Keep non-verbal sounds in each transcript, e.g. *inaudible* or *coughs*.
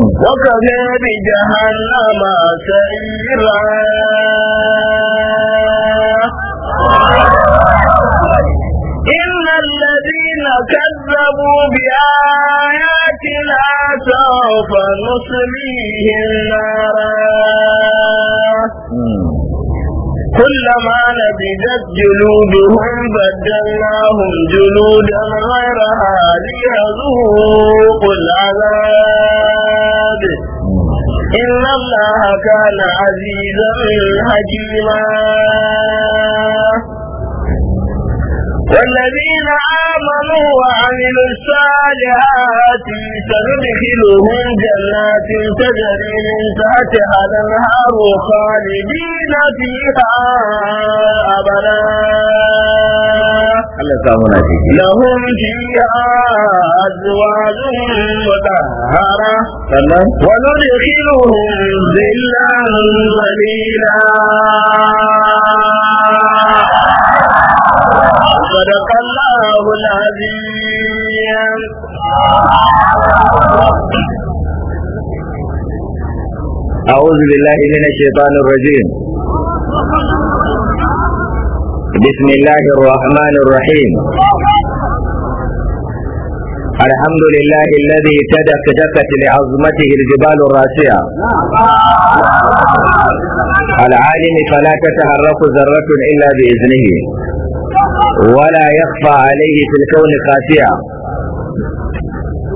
وكفى بجهنم سعيرا إن الذين كذبوا بآياتنا سوف نصليهم نارا كلما نبذت جلودهم بدلناهم جلودا غيرها ليذوقوا العذاب إن الله كان عزيزا حكيما والذين آمنوا وعملوا الصالحات سندخلهم جنات تجري من تحتها الأنهار خالدين فيها أبدا Allah ya samu na ji lahum fiha azwajun mutahhara sannan wa nudkhiluhum dhillan zillan zalila. الله العظيم أعوذ بالله من الشيطان الرجيم بسم الله الرحمن الرحيم الحمد لله الذي تدك دكت لعظمته الجبال الراسية العالم فلا تتحرك ذرة إلا بإذنه ولا يخفى عليه في الكون قاسيه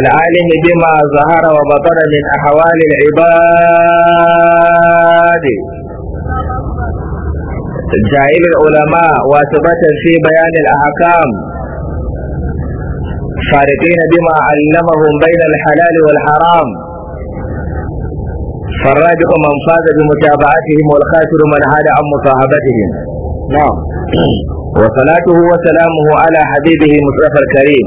العالم بما ظهر وبطن من أحوال العباد جائل العلماء واسبة في بيان الأحكام فارقين بما علمهم بين الحلال والحرام فالراجح من فاز بمتابعتهم والخاسر من عاد عن مصاحبتهم نعم وصلاته وسلامه على حبيبه مصطفى الكريم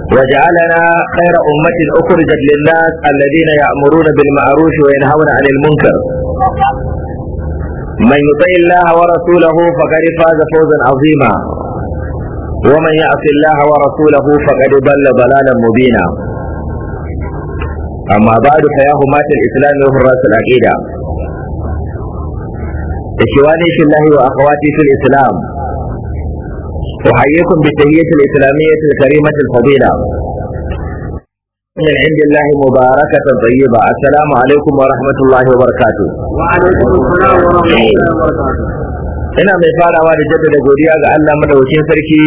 وجعلنا خير أمة أخرجت للناس الذين يأمرون بالمعروف وينهون عن المنكر من يطع الله ورسوله فقد فاز فوزا عظيما ومن يعص الله ورسوله فقد ضل ضلالا مبينا أما بعد فيا همات الإسلام وحراس العقيدة إخواني في الله وأخواتي في الإسلام أحييكم بالتهية الإسلامية الكريمة الفضيلة من عند الله مباركة طيبة السلام عليكم ورحمة الله وبركاته وعليكم السلام ورحمة الله وبركاته ina mai farawa da jaddada godiya ga Allah madaukakin sarki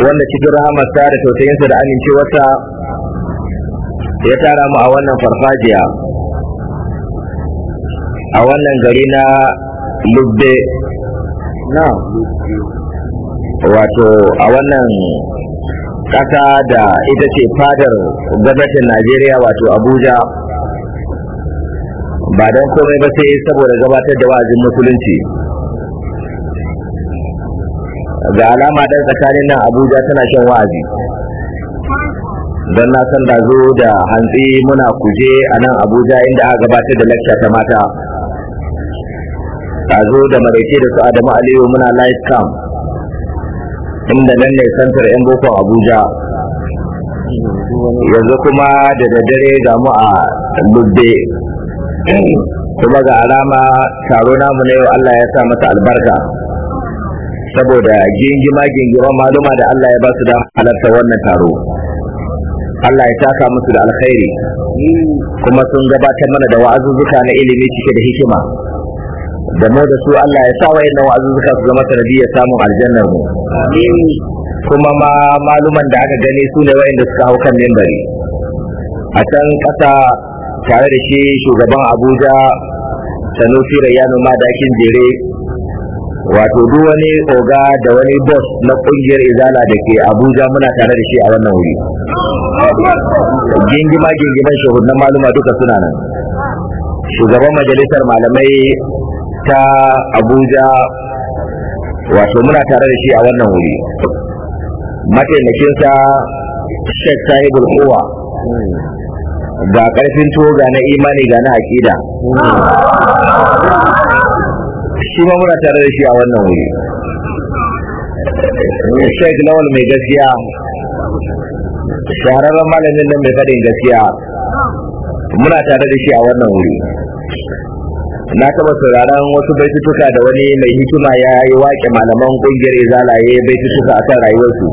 wanda cikin rahamarsa da tausayinsa da amincewarsa ya tara mu a wannan farfajiya a wannan gari na Lubbe wato a wannan ƙasa da ita ce fadar gwamnatin najeriya wato abuja ba don komai ba sai saboda gabatar da wa'azin musulunci ga alama ɗan tsakanin nan abuja tana shan wa'azi don na san da zo da hantsi muna kuje a nan abuja inda aka gabatar da lakta ta mata a zo da maraice da su adamu aliyu muna live camp inda nan ne santar yan boko abuja yanzu kuma da daddare ga mu a lubbe kuma ga alama taro namu na yau allah ya sa mata albarka saboda gingima gingiman maluma da allah ya ba su da halarta wannan taro Allah ya taka musu da alkhairi kuma sun gabatar mana da wa'azuzzuka na ilimi cike da hikima da mu da su Allah ya sa wayannan wa'azuzzuka su zama sanadiyar samun aljannar mu kuma ma maluman da aka gani su ne wayanda suka hau kan membari a can kasa tare da shi shugaban abuja sanusi rayyano ma jere wato duk wani oga da wani boss na kungiyar izala da ke abuja muna tare da shi a wannan wuri gingima gingiman na maluma duka suna nan shugaban majalisar malamai ta abuja wato muna tare da shi a wannan wuri mataimakinsa shek sahibul kowa ga karfin toga na imani ga na aƙida shi ma muna tare da shi a wannan wuri shek lawal mai gaskiya shahararren malamin nan mai faɗin gaskiya muna tare da shi a wannan wuri na taba sauraron wasu baitutuka da wani mai hikima ya yi waƙe malaman ƙungiyar izala ya yi baitutuka akan rayuwarsu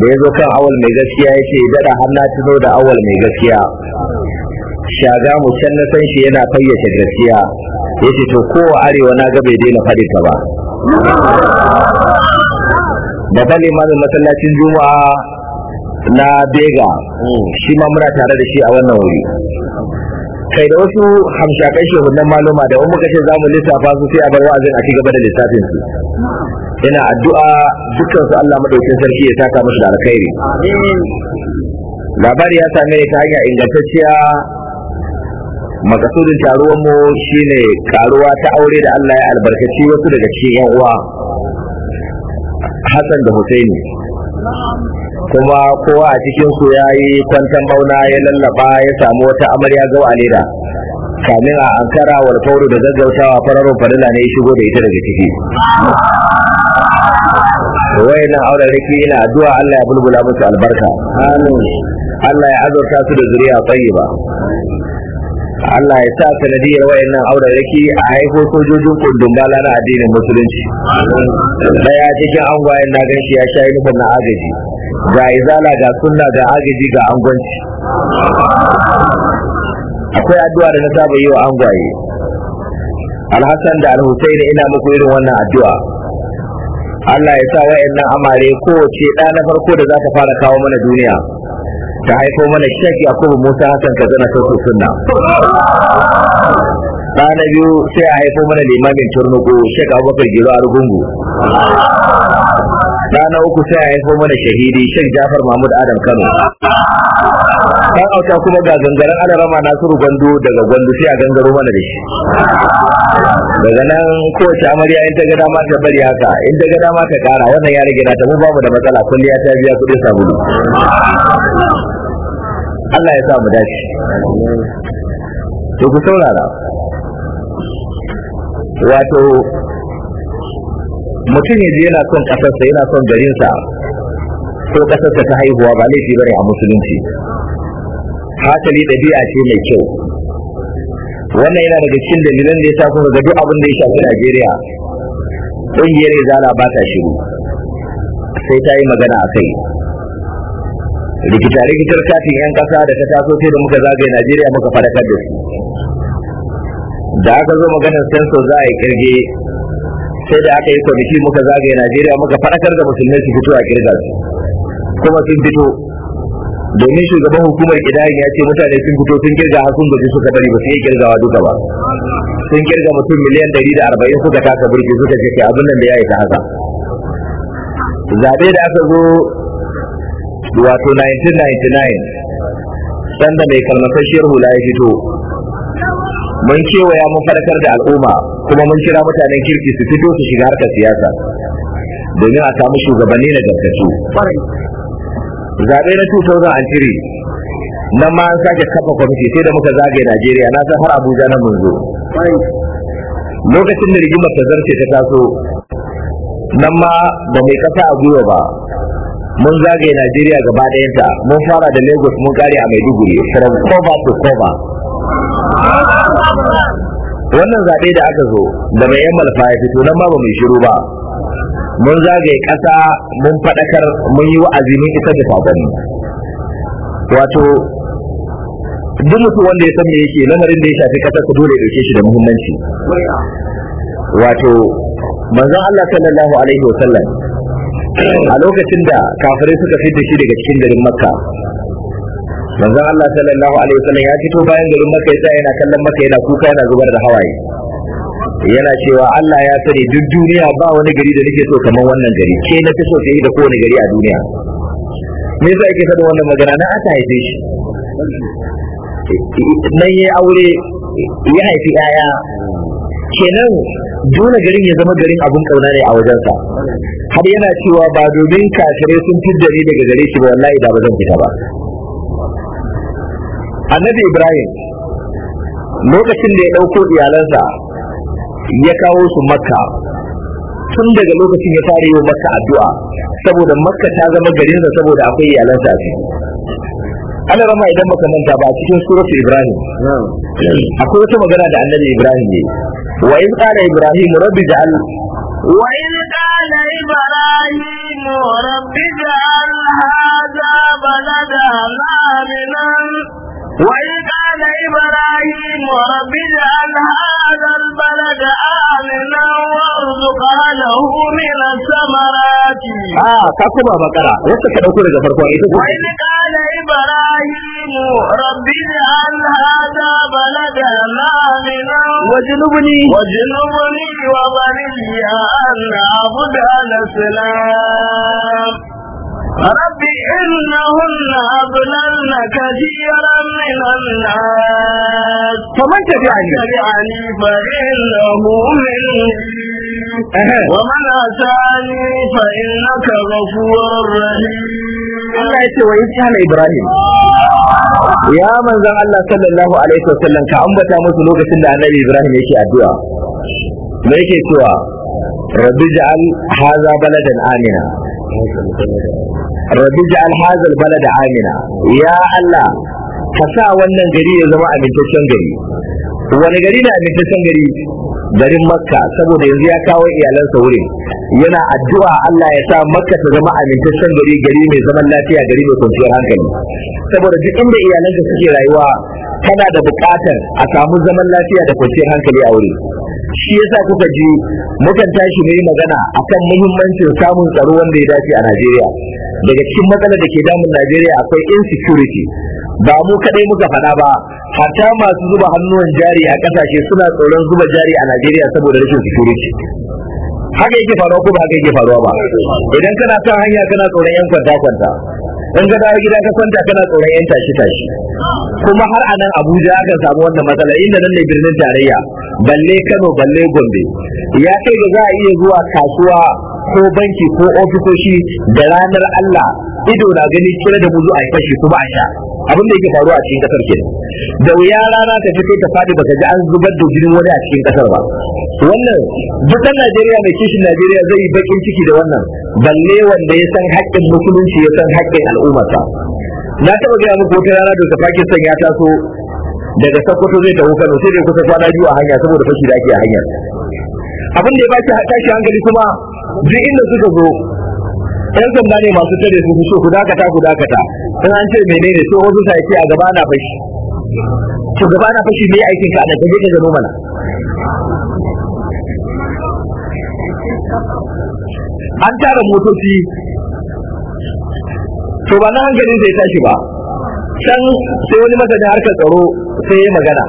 da ya zo kan awal mai gaskiya ya ce gada har na tuno da awal mai gaskiya shaga mu can na san shi yana fayyace gaskiya ya ce to kowa arewa na ga bai daina faɗi ta ba babban limamin masallacin juma'a na bega mm, shi ma muna tare da shi a wannan wuri kai da wasu hamshakai shehunan maluma da wani muka ce za mu lissafa su sai a bar wa'azin a ci gaba da lissafin su ina addu'a dukkan su Allah madaukakin sarki ya saka musu da alkhairi labari ya same ta hanya ingantacciya makasudin taruwar mu shine karuwa ta aure da Allah ya albarkaci wasu daga cikin yan uwa Hassan da Husaini kuma kowa a cikin su ya yi kwantan bauna ya lallaba ya samu wata amarya zau a leda kamin a ankara wa da gaggautawa farar fadila ne ya shigo da ita daga ciki wayannan auren riki ina addu'a Allah ya bulbula musu albarka amin Allah ya azurta su da zuriya ba. Allah ya sa sanadiyar wayannan aurareki a haifo sojojin kundin bala na addinin musulunci daya cikin angwayen na ganshi ya sha yi na agaji ga izala ga sunna ga agaji ga angwanci akwai addu'a da na saba yi wa angwaye alhassan da alhussein ina muku irin wannan addu'a Allah ya sa wayannan amare kowace ɗa na farko da za ta fara kawo mana duniya ta haifo mana shaki a kuma musa hasan ka zana sautin sunna na biyu sai a haifo mana limamin turnuku shek abubakar giro a rugungu na uku sai a haifo mana shahidi shek jafar mahmud adam kano ta auta kuma ga gangaren adarama nasiru gwandu daga gwandu sai a gangaro mana da shi daga nan kowace amarya in ta ga dama ta bari haka in ta ga dama ta kara wannan ya rage na ta mu babu da matsala kulliya ta biya kuɗin sabulu Allah ya sa mu dace to ku saurara wato mutum yanzu yana son ƙasarsa yana son garinsa ko ƙasarsa ta haihuwa ba laifi bane a musulunci hasali ɗabi'a ce mai kyau wannan yana daga cikin dalilan da ya sa kuma ga duk abin da ya shafi Najeriya ƙungiyar zana ba ta shiru sai ta yi magana a kai rikita-rikitar katin 'yan ƙasa da ta taso sai da muka zagaye najeriya muka faɗakar da su da aka zo maganar sensor za a yi kirge sai da aka yi kwamiti muka zagaye najeriya muka faɗakar da musulmai su fito a kirga su kuma sun fito domin shugaban hukumar kidayen ya ce mutane sun fito sun kirga har sun gaji suka bari ba su yi kirgawa duka ba sun kirga mutum miliyan ɗari da arba'in suka taka burki suka ce abin nan da ya yi ta haka zaɓe da aka zo wato 1999 sanda mai kalmasasshiyar hula ya fito mun ya mun farkar da al'umma kuma mun kira mutanen kirki su fito su shiga harkar siyasa domin a samu shugabanni na gaskasu zaɓe na 2003 nan ma an sake kafa kwamiti sai da muka zagaye najeriya na san har abuja na mun zo lokacin da rigimar ta zarce ta taso nan ma ba mai kasa a gwiwa ba mun zagaye Najeriya gaba ɗayanta mun fara da Lagos mun kare a Maiduguri from cover to cover wannan zaɓe da aka zo da mai yan malfa ya fito nan ma ba mai shiru ba mun zagaye ƙasa mun faɗakar mun yi wa'azi mun isa da saƙonni wato duk mutum wanda ya san me yake lamarin da ya shafi ƙasar ku dole ɗauke shi da muhimmanci wato manzon Allah sallallahu alaihi wa sallam a lokacin da kafirai suka fita shi daga cikin garin makka manzon Allah sallallahu alaihi wasallam ya fito bayan garin makka ya yana kallon makka yana kuka yana zubar da hawaye yana cewa Allah ya sani duk duniya ba wani gari da nake so kamar wannan gari ke na fi so fiye da kowane gari a duniya me yasa yake faɗa wannan magana na aka haife shi nan ya aure ya haifi yaya kenan dole garin ya zama garin abun kauna ne a wajensa har yana cewa ba domin kafirai sun fidda ni daga gare shi ba wallahi da ba zan fita ba annabi ibrahim lokacin da ya ɗauko iyalansa ya kawo su makka tun daga lokacin ya fara yi makka addu'a saboda makka ta zama garin sa saboda akwai iyalansa a ciki ana rama idan baka manta ba cikin surat ibrahim akwai wata magana da annabi ibrahim ne wa in qala ibrahim rabbi ja'al wa in إبراهيم رب اجعل هذا بلدا آمنا وإذ قال إبراهيم رب اجعل هذا البلد آمنا له من الثمرات آه كاكما بقرة يسا كدوكو لك فرقوا وإن قال إبراهيم رب اجعل هذا بلدا آمنا واجنبني واجنبني وبني أن أعبد الأسلام رب إنهن أضللن كثيرا من الناس فمن تبعني تبعني فإنه مني ومن أتاني فإنك غفور رحيم Allah ya ce wa yin kana Ibrahim ya manzon Allah sallallahu alaihi wasallam ka ambata musu lokacin da Annabi Ibrahim yake addu'a me yake cewa rabbi ja'al haza baladan amina rabbi ja'al haza balada amina ya Allah ka sa wannan gari ya zama amintaccen gari wani gari na amintaccen gari garin makka saboda yanzu ya kawo iyalansa wurin yana addu'a Allah ya sa makka ta zama amintaccen gari gari mai zaman lafiya gari mai kwanciyar hankali saboda duk inda iyalansa suke rayuwa kana da buƙatar a samu zaman lafiya da kwanciyar hankali a wuri shi yasa kuka ji mukan tashi ne yi magana akan muhimmancin samun tsaro wanda ya dace a Najeriya daga cikin matsalar da ke damun Najeriya akwai insecurity ba mu kadai muka faɗa ba hatta masu zuba hannuwan jari a kasashe suna tsoron zuba jari a Najeriya saboda rashin security haka yake faruwa ko ba haka yake faruwa ba idan kana ta hanya kana tsoron yan kwanta kwanta in ga gida ka kwanta kana tsoron yan tashi tashi kuma har a nan Abuja aka samu wannan matsala inda nan ne birnin tarayya balle Kano balle Gombe ya kai da za a iya zuwa kasuwa ko banki ko ofisoshi da ranar Allah ido na gani kira da mu zuwa fashi kuma a sha abin da yake faruwa a cikin kasar kenan da wuya rana ta fito ta faɗi baka ji an zubar da jinin wani a cikin kasar ba wannan duk Najeriya mai kishin Najeriya zai yi bakin ciki da wannan balle wanda ya san haƙƙin musulunci ya san haƙƙin al'ummarsa na taɓa gaya muku wata rana da Pakistan ya taso daga Sokoto zai tafi Kano sai dai kusa kwana biyu a hanya saboda fashi da ake a hanya abin da ya ba tashi hankali kuma duk inda suka zo yan sanda ne masu tare su so ku dakata ku dakata in an ce menene sai wasu sai ce a gaba na fashi to gaba na fashi ne aikin ka da kaje ka zama mana an tara motoci to ba na hankalin zai tashi ba can sai wani masanin harkar tsaro sai ya magana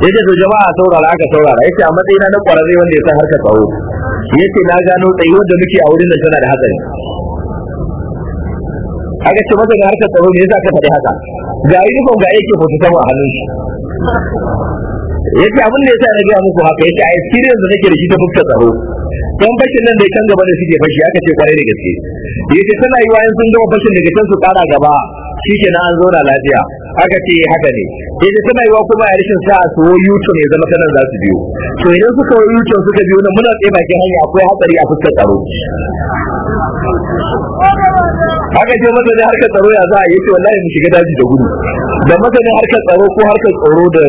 ya ce to jama'a saurara aka saurara ya ce a matsayina na kwararre wanda ya san harkar tsaro ya ce na gano tsayi wanda muke a wurin da tana da hatsari kaga ce masa ga harkar tsaro ne yasa aka faɗi haka ga uniform ga yake hoto sama a hannun shi yace abin da yasa na ga muku haka yace a experience da nake da shi ta fuskar tsaro dan bashin nan da ya kan gaba da suke fashi aka ce kwarai da gaske yace tana yi wayan sun gama fashin daga can su kara gaba na an na lafiya aka ce haka ne yace tana yi wa kuma a rashin sa'a su yuto ne zama kanan za su biyo to idan suka yuto suka biyo nan muna tsaye bakin hanya akwai hatsari a fuskar tsaro haka ce masani harkar tsaro ya za a yi wallahi mu shiga daji da gudu da masani harkar tsaro ko harkar tsaro da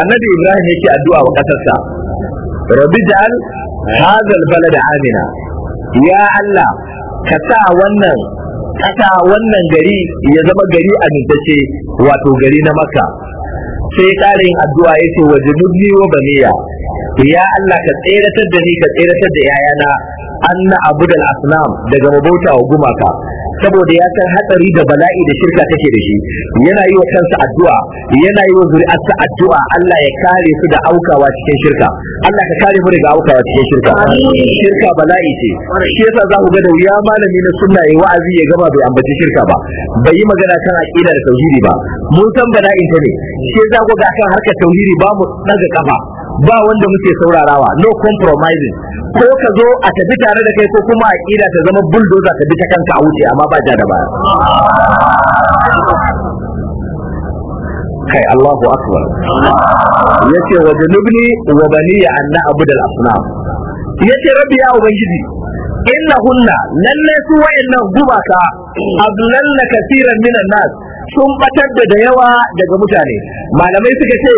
annabi ibrahim yake addu'a wa kasarsa rabbi ja'al hadha bala da amina ya allah ka sa wannan kasa wannan gari ya zama gari amintacce wato gari na makka sai karin addu'a yace wajibni wa baniya ya Allah ka tseratar da ni ka tseratar da yayana an na abudal aslam daga mabauta wa gumaka saboda ya san hatsari da bala'i da shirka take da shi yana yi wa kansa addu'a yana yi wa zuri'arsa addu'a Allah ya kare su da aukawa cikin shirka Allah ka kare mu daga aukawa cikin shirka shirka bala'i ce shi yasa za ku ga da wuya malami na sunna yayi wa'azi ya gama bai ambaci shirka ba bai yi magana kan aqida da tauhidi ba mun san bala'in ta ne shi yasa ku ga kan harkar tauhidi ba mu daga kafa ba wanda muke saurarawa no compromising ko ka zo a tafi tare da kai ko kuma a kila ta zama bulldozer ka bi ta kanka a wuce amma ba ja da baya kai Allahu akbar yace wa janubni wa bani an da al-asnam yace rabbi ya ubangiji innahunna lalle su wayannan gubaka adlalna kaseeran minan nas sun batar da da yawa daga mutane malamai suka ce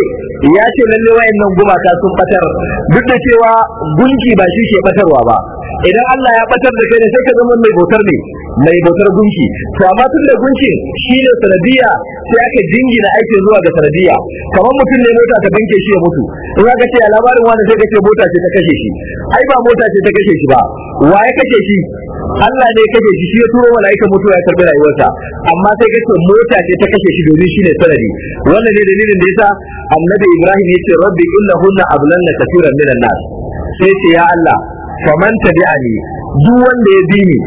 ya ce lalle wayannan gumaka sun batar duk da cewa gunki ba shi ke batarwa ba idan Allah ya batar da kai sai ka zama mai bautar ne mai bautar gunki to amma tun da gunkin ne sanadiya sai aka jingina aikin zuwa ga sanadiya kamar mutum ne mota ta banke shi ya mutu in aka ce labarin wani sai ka ce mota ce ta kashe shi ai ba mota ce ta kashe shi ba wa ya kashe shi Allah ne kashe shi shi ya turo mala'ika mutuwa ya karbi rayuwarsa amma sai kace mota ce ta kashe shi domin shine sanadi wannan ne dalilin da yasa annabi Ibrahim yace rabbi innahunna ablanna kaseeran minan nas sai ce ya Allah faman tabi'ani duk wanda ya bi ni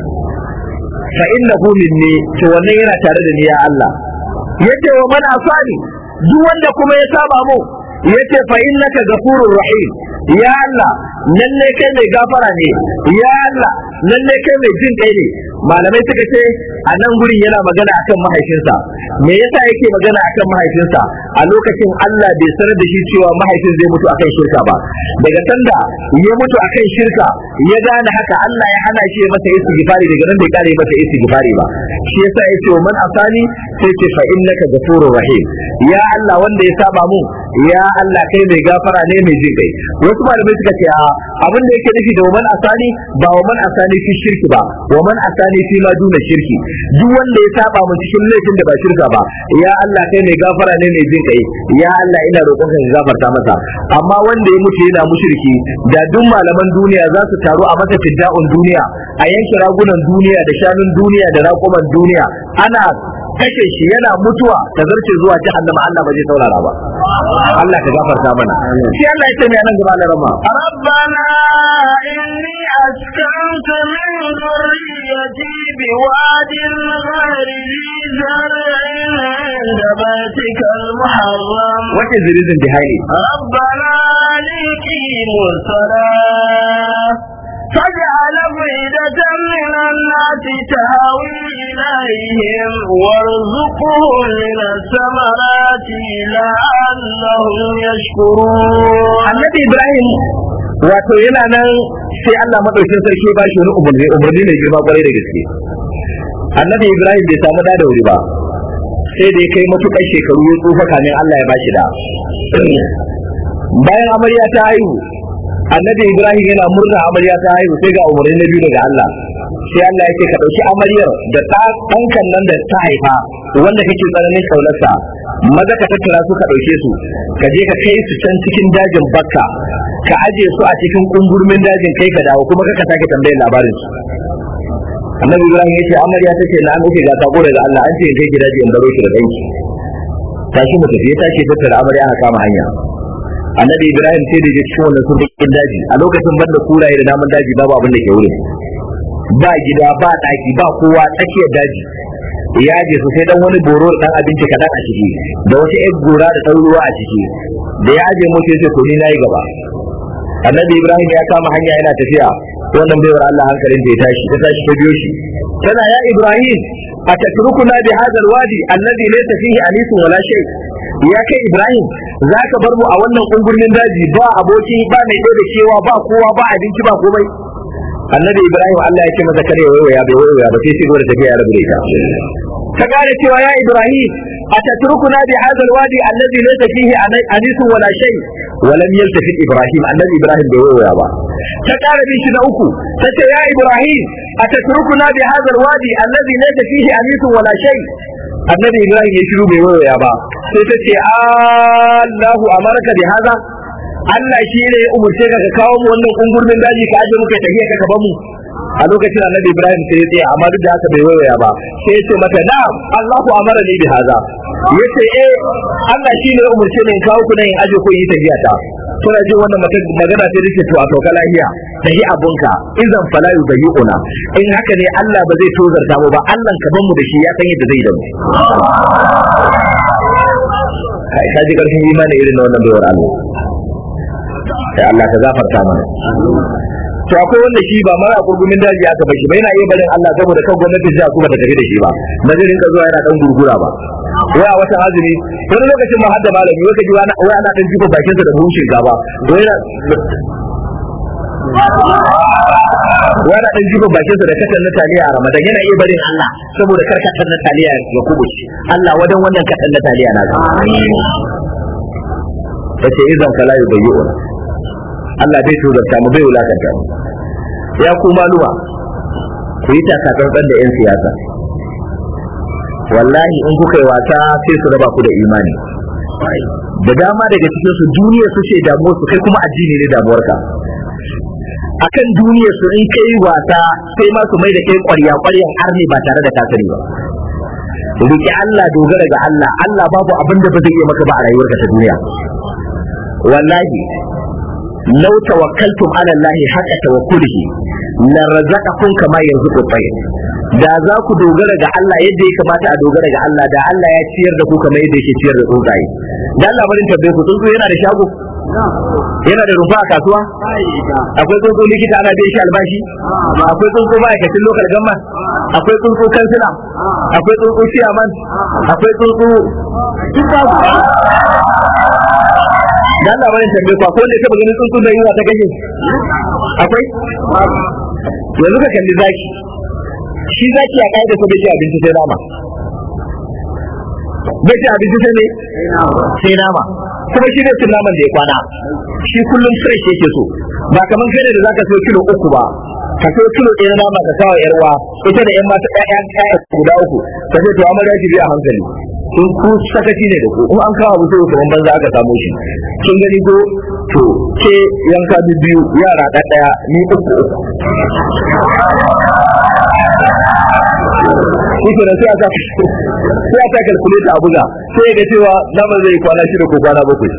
fa innahu minni to wannan yana tare da ni ya Allah yace wa man asani duk wanda kuma ya saba mu yace fa innaka ghafurur rahim ya Allah lalle kai mai gafara ne ya Allah lalle kai mai jin kai ne malamai suka ce a nan gurin yana magana akan mahaifinsa me yasa yake magana akan mahaifinsa a lokacin Allah bai sanar da shi cewa mahaifin zai mutu akan shirka ba daga sanda ya mutu akan shirka ya gane haka Allah ya hana shi masa istighfari daga nan bai kare masa istighfari ba shi yasa yace wa man asani sai ce fa innaka ghafurur rahim ya Allah wanda ya saba mu ya Allah kai mai gafara ne mai jin kai wasu malamai suka ce a abin da yake nufi da waman asani ba waman asani fi shirki ba waman asani fi ma duna shirki duk wanda ya saba mu cikin laifin da ba shirka ba ya Allah kai mai gafara ne mai jin kai ya Allah ina roƙon ka gafarta masa amma wanda ya mutu yana mushriki da duk malaman duniya za su taru a masa fidda'un duniya a yanke ragunan duniya da shanun duniya da raƙuman duniya ana kashe shi yana mutuwa ta zarce zuwa jahannama Allah ba zai saurara ba Allah ka gafarta mana sai Allah ya ce mai nan gaba da rama rabbana inni askantu min dhurriyyati wadin ghairi zar'in inda baitikal muharram Wace is the reason behind rabbana liqimu salat فاجعل أفئدة من الناس تهوي إليهم من الثمرات لعلهم يشكرون النبي إبراهيم wato yana nan sai Allah madaukin sarki wani umarni umarni girma kwarai da gaske annabi Ibrahim bai samu da ba sai da ya kai matuƙar shekaru ya tsufa kamin Allah ya ba da bayan amarya ta haihu annabi ibrahim yana murna amarya ta haihu sai ga umarni na biyu daga allah sai allah ya ce ka ɗauki amaryar da ɗankan nan da ta haifa wanda kake tsananin kaunarsa maza ka tattara su ka ɗauke su ka je ka kai su can cikin dajin bakka ka aje su a cikin kungurmin dajin kai ka dawo kuma ka sake tambayar labarin su annabi ibrahim ya ce amarya ta ce na an uke ga sako daga allah an ce in kai gidaje in baro shi da ɗanki tashi mu ya tashi tattara amarya a kama hanya annabi ibrahim sai da ya cikin wannan surbakin daji a lokacin banda kuraye da namun daji babu abin da ke wurin ba gida ba daki ba kowa tsakiyar daji ya je su sai dan wani boro da dan abinci kadan a ciki da wata yar gora da dan ruwa a ciki da ya je mutum sai ko ni nayi gaba annabi ibrahim ya kama hanya yana tafiya wannan bai war Allah hankalin ya tashi ta tashi ta biyo shi tana ya ibrahim a atatrukuna bi hadha alwadi alladhi laysa fihi alisun wala shay ya kai Ibrahim za ka bar mu a wannan ungurnin daji ba aboki ba mai ɗaya da kewa ba kowa ba abinci ba komai annabi Ibrahim Allah ya ce masa kare waiwaya bai waiwaya ba sai shigo da tafiya ya rabu da ita Ta gane cewa ya Ibrahim أتتركنا بهذا الوادي الذي ليس فيه أنيس ولا شيء ولم يلتفت إبراهيم النبي إبراهيم بيوه يا با تقال بي شنأكو يا إبراهيم أتتركنا بهذا الوادي الذي ليس فيه أنيس ولا شيء النبي إبراهيم يشلو بيوه يا با sai ta ce Allahu amarka bi haza Allah shi ne ya umurce ka ka kawo mu wannan kungurmin daji ka aje muka tafiya ka gaba mu a lokacin annabi Ibrahim sai ya tsaya amma duk da haka bai waiwaya ba sai ya ce mata na'am Allahu amara ni bi haza ce eh Allah shi ne ya umurce ni kawo ku nan in aje ku yi tafiya ta kuna jin wannan magana sai rike to a sauka lahiya da yi abunka idan fala yubayyuna in haka ne Allah ba zai tozarta mu ba Allah ka ban mu da shi ya san yadda zai da mu kai ka ji karfin imani irin na wannan baiwar Allah sai Allah ka gafarta mana to akwai wanda shi ba mara gurgumin daji aka bashi ba yana iya barin Allah saboda kan gwamnati jiya kuma ta tafi da shi ba ba zai rinka zuwa yana dan gurgura ba wai a wata azumi wani lokacin ma hadda malami wai ka ji wai ana dan jiko bakin sa da bushin gaba wai wani ɗan jibin bakin su da katan na taliya a ramadan yana iya barin Allah saboda kar katan na taliya ya shi Allah wadan wannan katan na taliya na zama yace idan kala yubayyun Allah bai tuzarta mu bai wulakanta ya ku maluwa ku yi ɗan da yan siyasa wallahi in kuka yi wasa sai su raba ku da imani da dama daga cikin su duniya su ce damuwar su kai kuma addini ne damuwarka akan duniya su in kai wasa sai ma su mai da kai ƙwarya ƙwaryan arni ba tare da kasari ba riki Allah dogara ga Allah Allah babu abin da ba zai yi maka ba a rayuwarka ta duniya wallahi law tawakkaltum ala Allah haqqa tawakkulihi la razaqakum kama yarzuqu at da za ku dogara ga Allah yadda ya kamata a dogara ga Allah da Allah ya ciyar da ku kamar yadda yake ciyar da tsuntsaye da Allah barin tabbe ku tsuntsu yana da shago yana da rufa a kasuwa akwai tsuntsu likita ana bin shi albashi akwai tsuntsu ma'aikacin lokal gamma akwai tsuntsu kansila akwai tsuntsu ciyaman akwai tsuntsu dan labarin tambaye ku akwai wanda ya taba ganin tsuntsu da yiwa ta gashi akwai yanzu ka kalli zaki shi zaki a da ko bai abinci sai rama bai ci abinci sai ne sai nama kuma shi ne cin naman da ya kwana shi kullum fresh yake so ba kamar gane da zaka so kilo uku ba ka so kilo ɗaya nama ka kawo yarwa ita da yan mata ɗayan ɗaya guda uku ka so to amarya ki bi a hankali in ku sakaci ne da ku kuma an kawo abu sai ku banza aka samu shi sun gani ko to ke yanka biyu yara ɗaya ni uku uku shi ke sai sai ta kalkuleta a buga sai ga cewa nama zai kwana shida ko kwana bakwai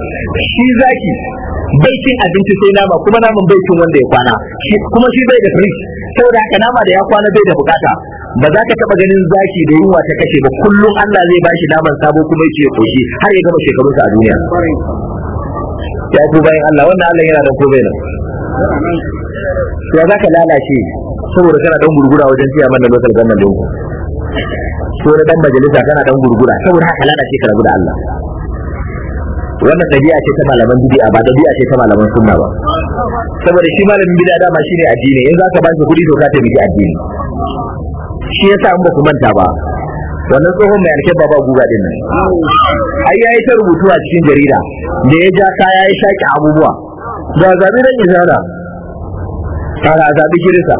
shi zaki baikin abinci sai nama kuma naman baikin wanda ya kwana kuma shi bai da fridge saboda haka nama da ya kwana bai da bukata ba za ka taba ganin zaki da yunwa ta kashe ba kullum Allah zai bashi naman sabo kuma yake koshi har ya gama shekarunsa a duniya ya ku bayan Allah wannan Allah yana da ko nan ya za ka lalace saboda kana dan gurgura wajen tiya mana lokal gannan don ko na dan majalisa kana dan gurgura saboda haka lalace ka rabu da Allah wannan dabi'a ce ta malaman bid'a ba dabi'a ce ta malaman sunna ba saboda shi malamin bid'a dama ne addini in zaka ba shi kuɗi to ka taimaki addini shi yasa an ba ku manta ba wannan tsohon mai alke baba guga din nan ai yayi ta rubutu a cikin jarida da ya ja kaya yayi shaki abubuwa ga zabi dan izara kara zabi kirisa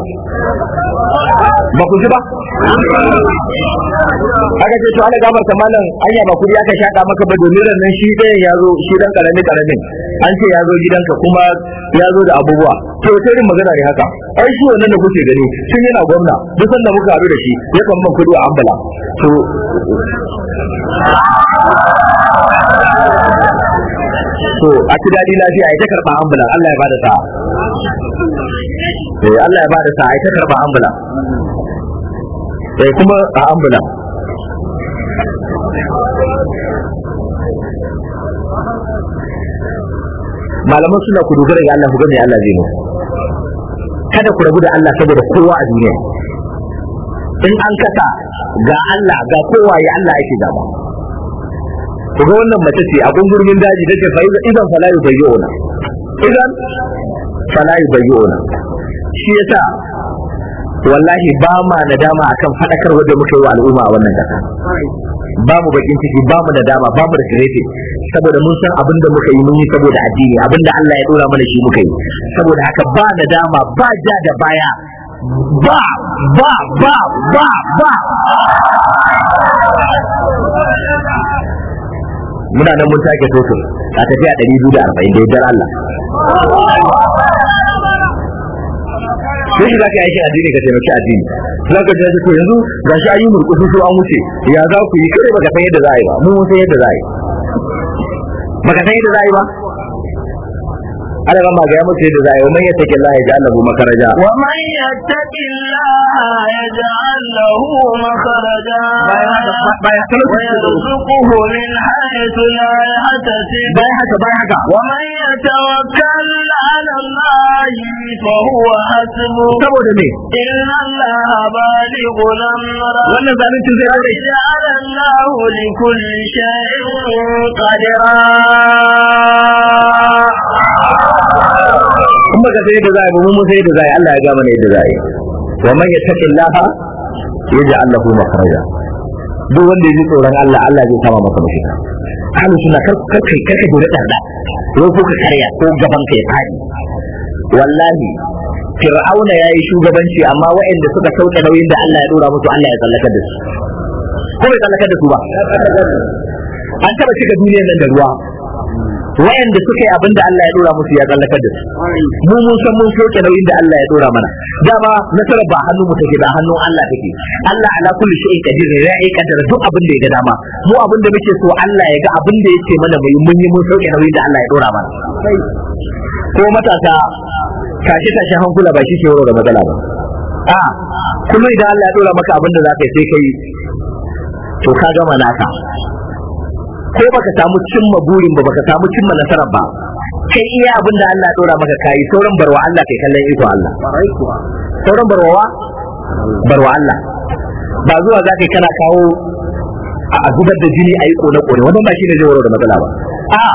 ba ku ji ba aka ce to ana gabar ta malam anya ba kudi aka shaka maka ba domin nan shi ɗayan ya zo shi dan karami karamin an ce ya zo gidanka kuma ya zo da abubuwa to sai din magana ne haka ai shi wannan da kuke gani tun yana gwamna duk sanda muka haɗu da shi ya kan ban kudi a ambala to to a ci daɗi lafiya ta karɓa ambala Allah ya bada sa'a eh, Allah ya bada ta karɓa ambala sai eh, kuma a ambula malaman suna ku dogara ga Allah ku gane Allah zai mu kada ku rabu da Allah saboda kowa a duniya in an kasa ga Allah ga kowa ya Allah ake zaba ku ga wannan mace ce a gungurmin daji take fa idan fala yubayyuna idan fala yubayyuna shi yasa wallahi ba ma nadama akan faɗakarwa da muka yi wa al'umma a wannan kasa. ba mu bakin ciki ba mu nadama ba mu da saboda mun san abin da muka yi mun yi saboda addini abinda Allah ya dora mana shi muka yi saboda haka ba nadama ba ja da baya ba ba ba ba ba muna nan mun take toto a tafiya 240 da Allah sai shi zaka yi aikin addini ka taimaki addini zaka ji ko yanzu shi ayi murkushi su an wuce ya za ku yi ba baka san yadda za a yi ba mun san yadda za a yi baka san yadda za a yi ba ana ba ma ga ya musu yadda za wa man yattaki Allah ya ji Allah makaraja wa man yattaki Allah ya ji Allah makaraja ويرزقه من حيث لا يحتسب ومن يتوكل على الله فهو حسبه إن الله بالغ أمره قد جعل الله لكل شيء قدرا kuma ga sai da zai ba mun sai da zai Allah ya ga mana yadda zai wa man yattaqillaha yaj'al lahu makhraja duk wanda ya tsoron Allah Allah zai kama masa mafita ahlu sunna kar kar kai kar ka dole ko ku ka karya ko gaban ka ya fadi wallahi fir'auna yayi shugabanci amma waɗanda suka sauke nauyin da Allah ya dora musu Allah ya tsallaka da su ko bai sallaka da su ba an taba shiga duniyar nan da ruwa wayanda suka yi abin da Allah ya dora musu ya tsallakar da su mu san mun soke nauyin da Allah ya dora mana dama nasara ba hannun mu take ba hannun Allah take Allah ala kulli shay'in kadir ya yi kadar duk abin da ya ga dama mu abin da muke so Allah ya ga abin da yake mana mai mun yi mun soke nauyin da Allah ya dora mana ko matasa kashi tashi hankula ba shi ke wuro da matsala ba a kuma idan Allah ya dora maka abin da za ka yi sai kai to ka gama naka ko baka samu cimma burin ba baka samu cimma nasarar ba kai iya abin da Allah ya dora maka kai sauran barwa Allah kai kallon iko Allah sauran barwa barwa Allah ba zuwa za kai kana kawo a zubar da jini a yi kone kone wannan ba shi ne zai da matsala ba a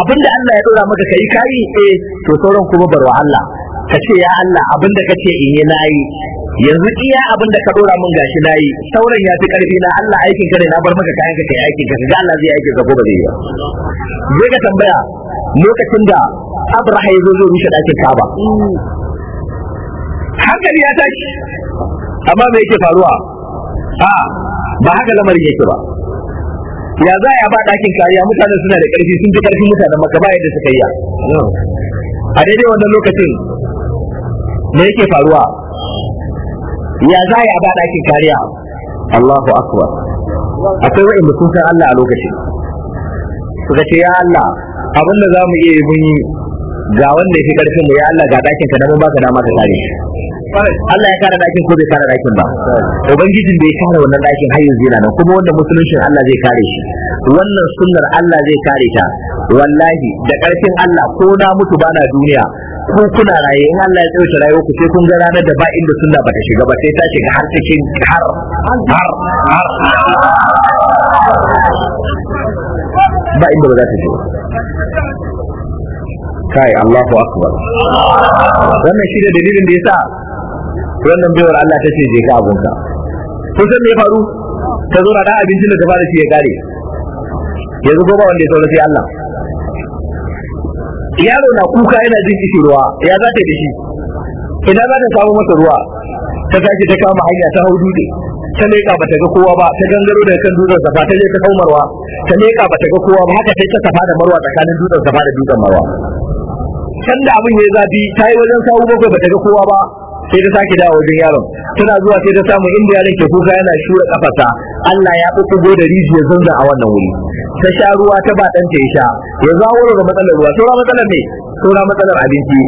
abin da Allah ya dora maka kai kai eh to sauran kuma barwa Allah ka ce ya Allah abin da kace in yi nayi yanzu iya abin da ka dora mun gashi layi sauran ya fi karfi na Allah aikin ka ne na bar maka kayan ka kai aikin ka ga Allah zai aikin ka ko ba zai yi zai ka tambaya lokacin da Abraha ya zo zai rushe dakin Kaaba hankali ya tashi amma me yake faruwa a ba haka lamarin yake ba ya za ya ba dakin kariya mutanen suna da karfi sun fi karfi mutanen maka ba yadda suka yi a daidai wannan lokacin me yake faruwa ya za a ba ɗakin kariya Allahu akbar akwai wa'inda sun san Allah a lokacin suka ce ya Allah abin da za mu iya yi mun yi ga wanda yake karfin mu ya Allah ga ɗakin ka da mun baka dama ka kare shi. Allah ya kare ɗakin ko bai kare ɗakin ba ubangijin da ya kare wannan ɗakin har yanzu yana nan kuma wanda musuluncin Allah zai kare shi wannan sunnar Allah zai kare ta wallahi da ƙarfin Allah ko na mutu bana duniya ko kuna raye in Allah ya tsawaita rayuwar ku sai kun ga ranar da ba inda sunna ba ta shiga ba sai ta shiga har cikin har har har ba inda ba za ta shiga kai Allahu akbar wannan shi ne dalilin da yasa wannan baiwar Allah ta ce je ka abunka kun san me faru ta zo da abincin da gaba da shi ya kare yanzu ba wanda ya saurasi Allah yaro na kuka yana jin ciki ruwa ya za ta yi da shi ina za ta samu masa ruwa ta tashi ta kama hanya ta hau dutse ta leƙa ba ta ga kowa ba ta gangaro da kan dutsen safa ta je ta hau ta leƙa ba ta ga kowa ba haka sai ta safa da marwa tsakanin dutsen safa da dutsen marwa can da abin ya zafi ta yi wajen sawu bakwai ba ta ga kowa ba sai ta sake dawo wajen yaron tana zuwa sai ta samu inda yaron ke kuka yana shura kafasa Allah ya bubugo da rijiyar zanga a wannan wuri ta sha ruwa ta ba ɗanta ya sha ya zawo ga matsalar ruwa saura matsalar ne saura matsalar abinci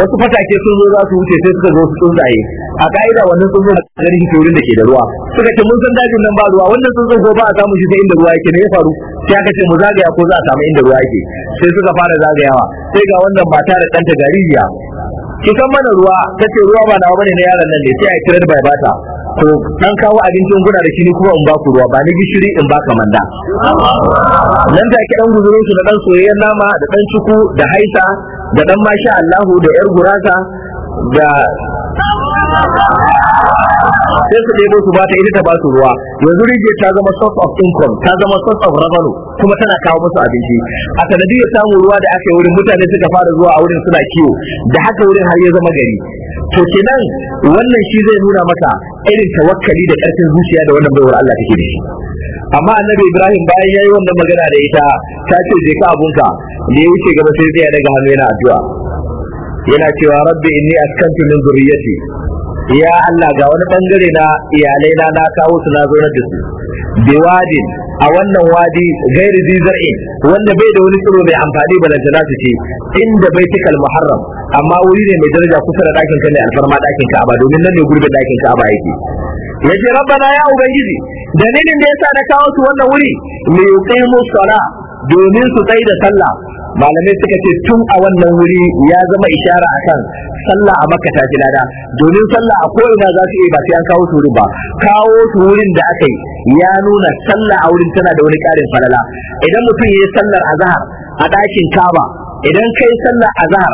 wasu fatake sun zo za su wuce sai suka zo su tsuntsaye a ka'ida wannan tsuntsun da garin wurin da ke da ruwa suka ce mun san dajin nan ba ruwa wannan tsuntsun ko ba a samu shi sai inda ruwa yake ne ya faru sai aka ce mu zagaya ko za a samu inda ruwa yake sai suka fara zagayawa sai ga wannan mata da ɗanta gariya ki san mana ruwa ce ruwa ba nawa bane na yaron nan ne sai a kirar bai bata Ko dan kawo abincin guda da shi ni kuma in ba ku ruwa ba ni gishiri in baka manda nan da ke dan guzurin su da dan soyayyen nama da dan cuku da haisa da dan masha Allahu da yar gurasa da sai su ɗebo su bata ita ta ba su ruwa yanzu rijiyar ta zama source of income ta zama source of revenue kuma tana kawo musu abinci a sanadiyar samun ruwa da aka yi wurin mutane suka fara zuwa a wurin suna kiwo da haka wurin har ya zama gari to kenan wannan shi zai nuna mata irin tawakkali da ƙarfin zuciya da wannan baiwar Allah take da amma annabi Ibrahim bayan yayi wannan magana da ita ta ce je ka abunka ne ya wuce gaba sai tsaya daga hannu yana addu'a yana cewa rabbi inni askantu min zurriyyati ya Allah ga wani bangare na iyalai na na kawo su na zo da su biwadin a wannan wadi gairi zizar'in wanda bai da wani tsiro mai amfani ba za su ce inda bai tikal muharram amma wuri ne mai daraja kusa da dakin ka ne alfarma ɗakin ba, domin nan ne gurbin ɗakin ka'aba yake yace rabbana ya ubangiji dalilin da ya sa na kawo su wannan wuri mai yuqimu sala domin su da sallah malamai suka ce tun a wannan wuri ya zama ishara a akan sallah a makka ta lada domin sallah a ko'ina za su yi ba sai an kawo turu ba kawo wurin da aka yi ya nuna sallah a wurin tana da wani karin falala idan mutum ya yi sallar azhar a ɗakin kaba idan kai sallar azhar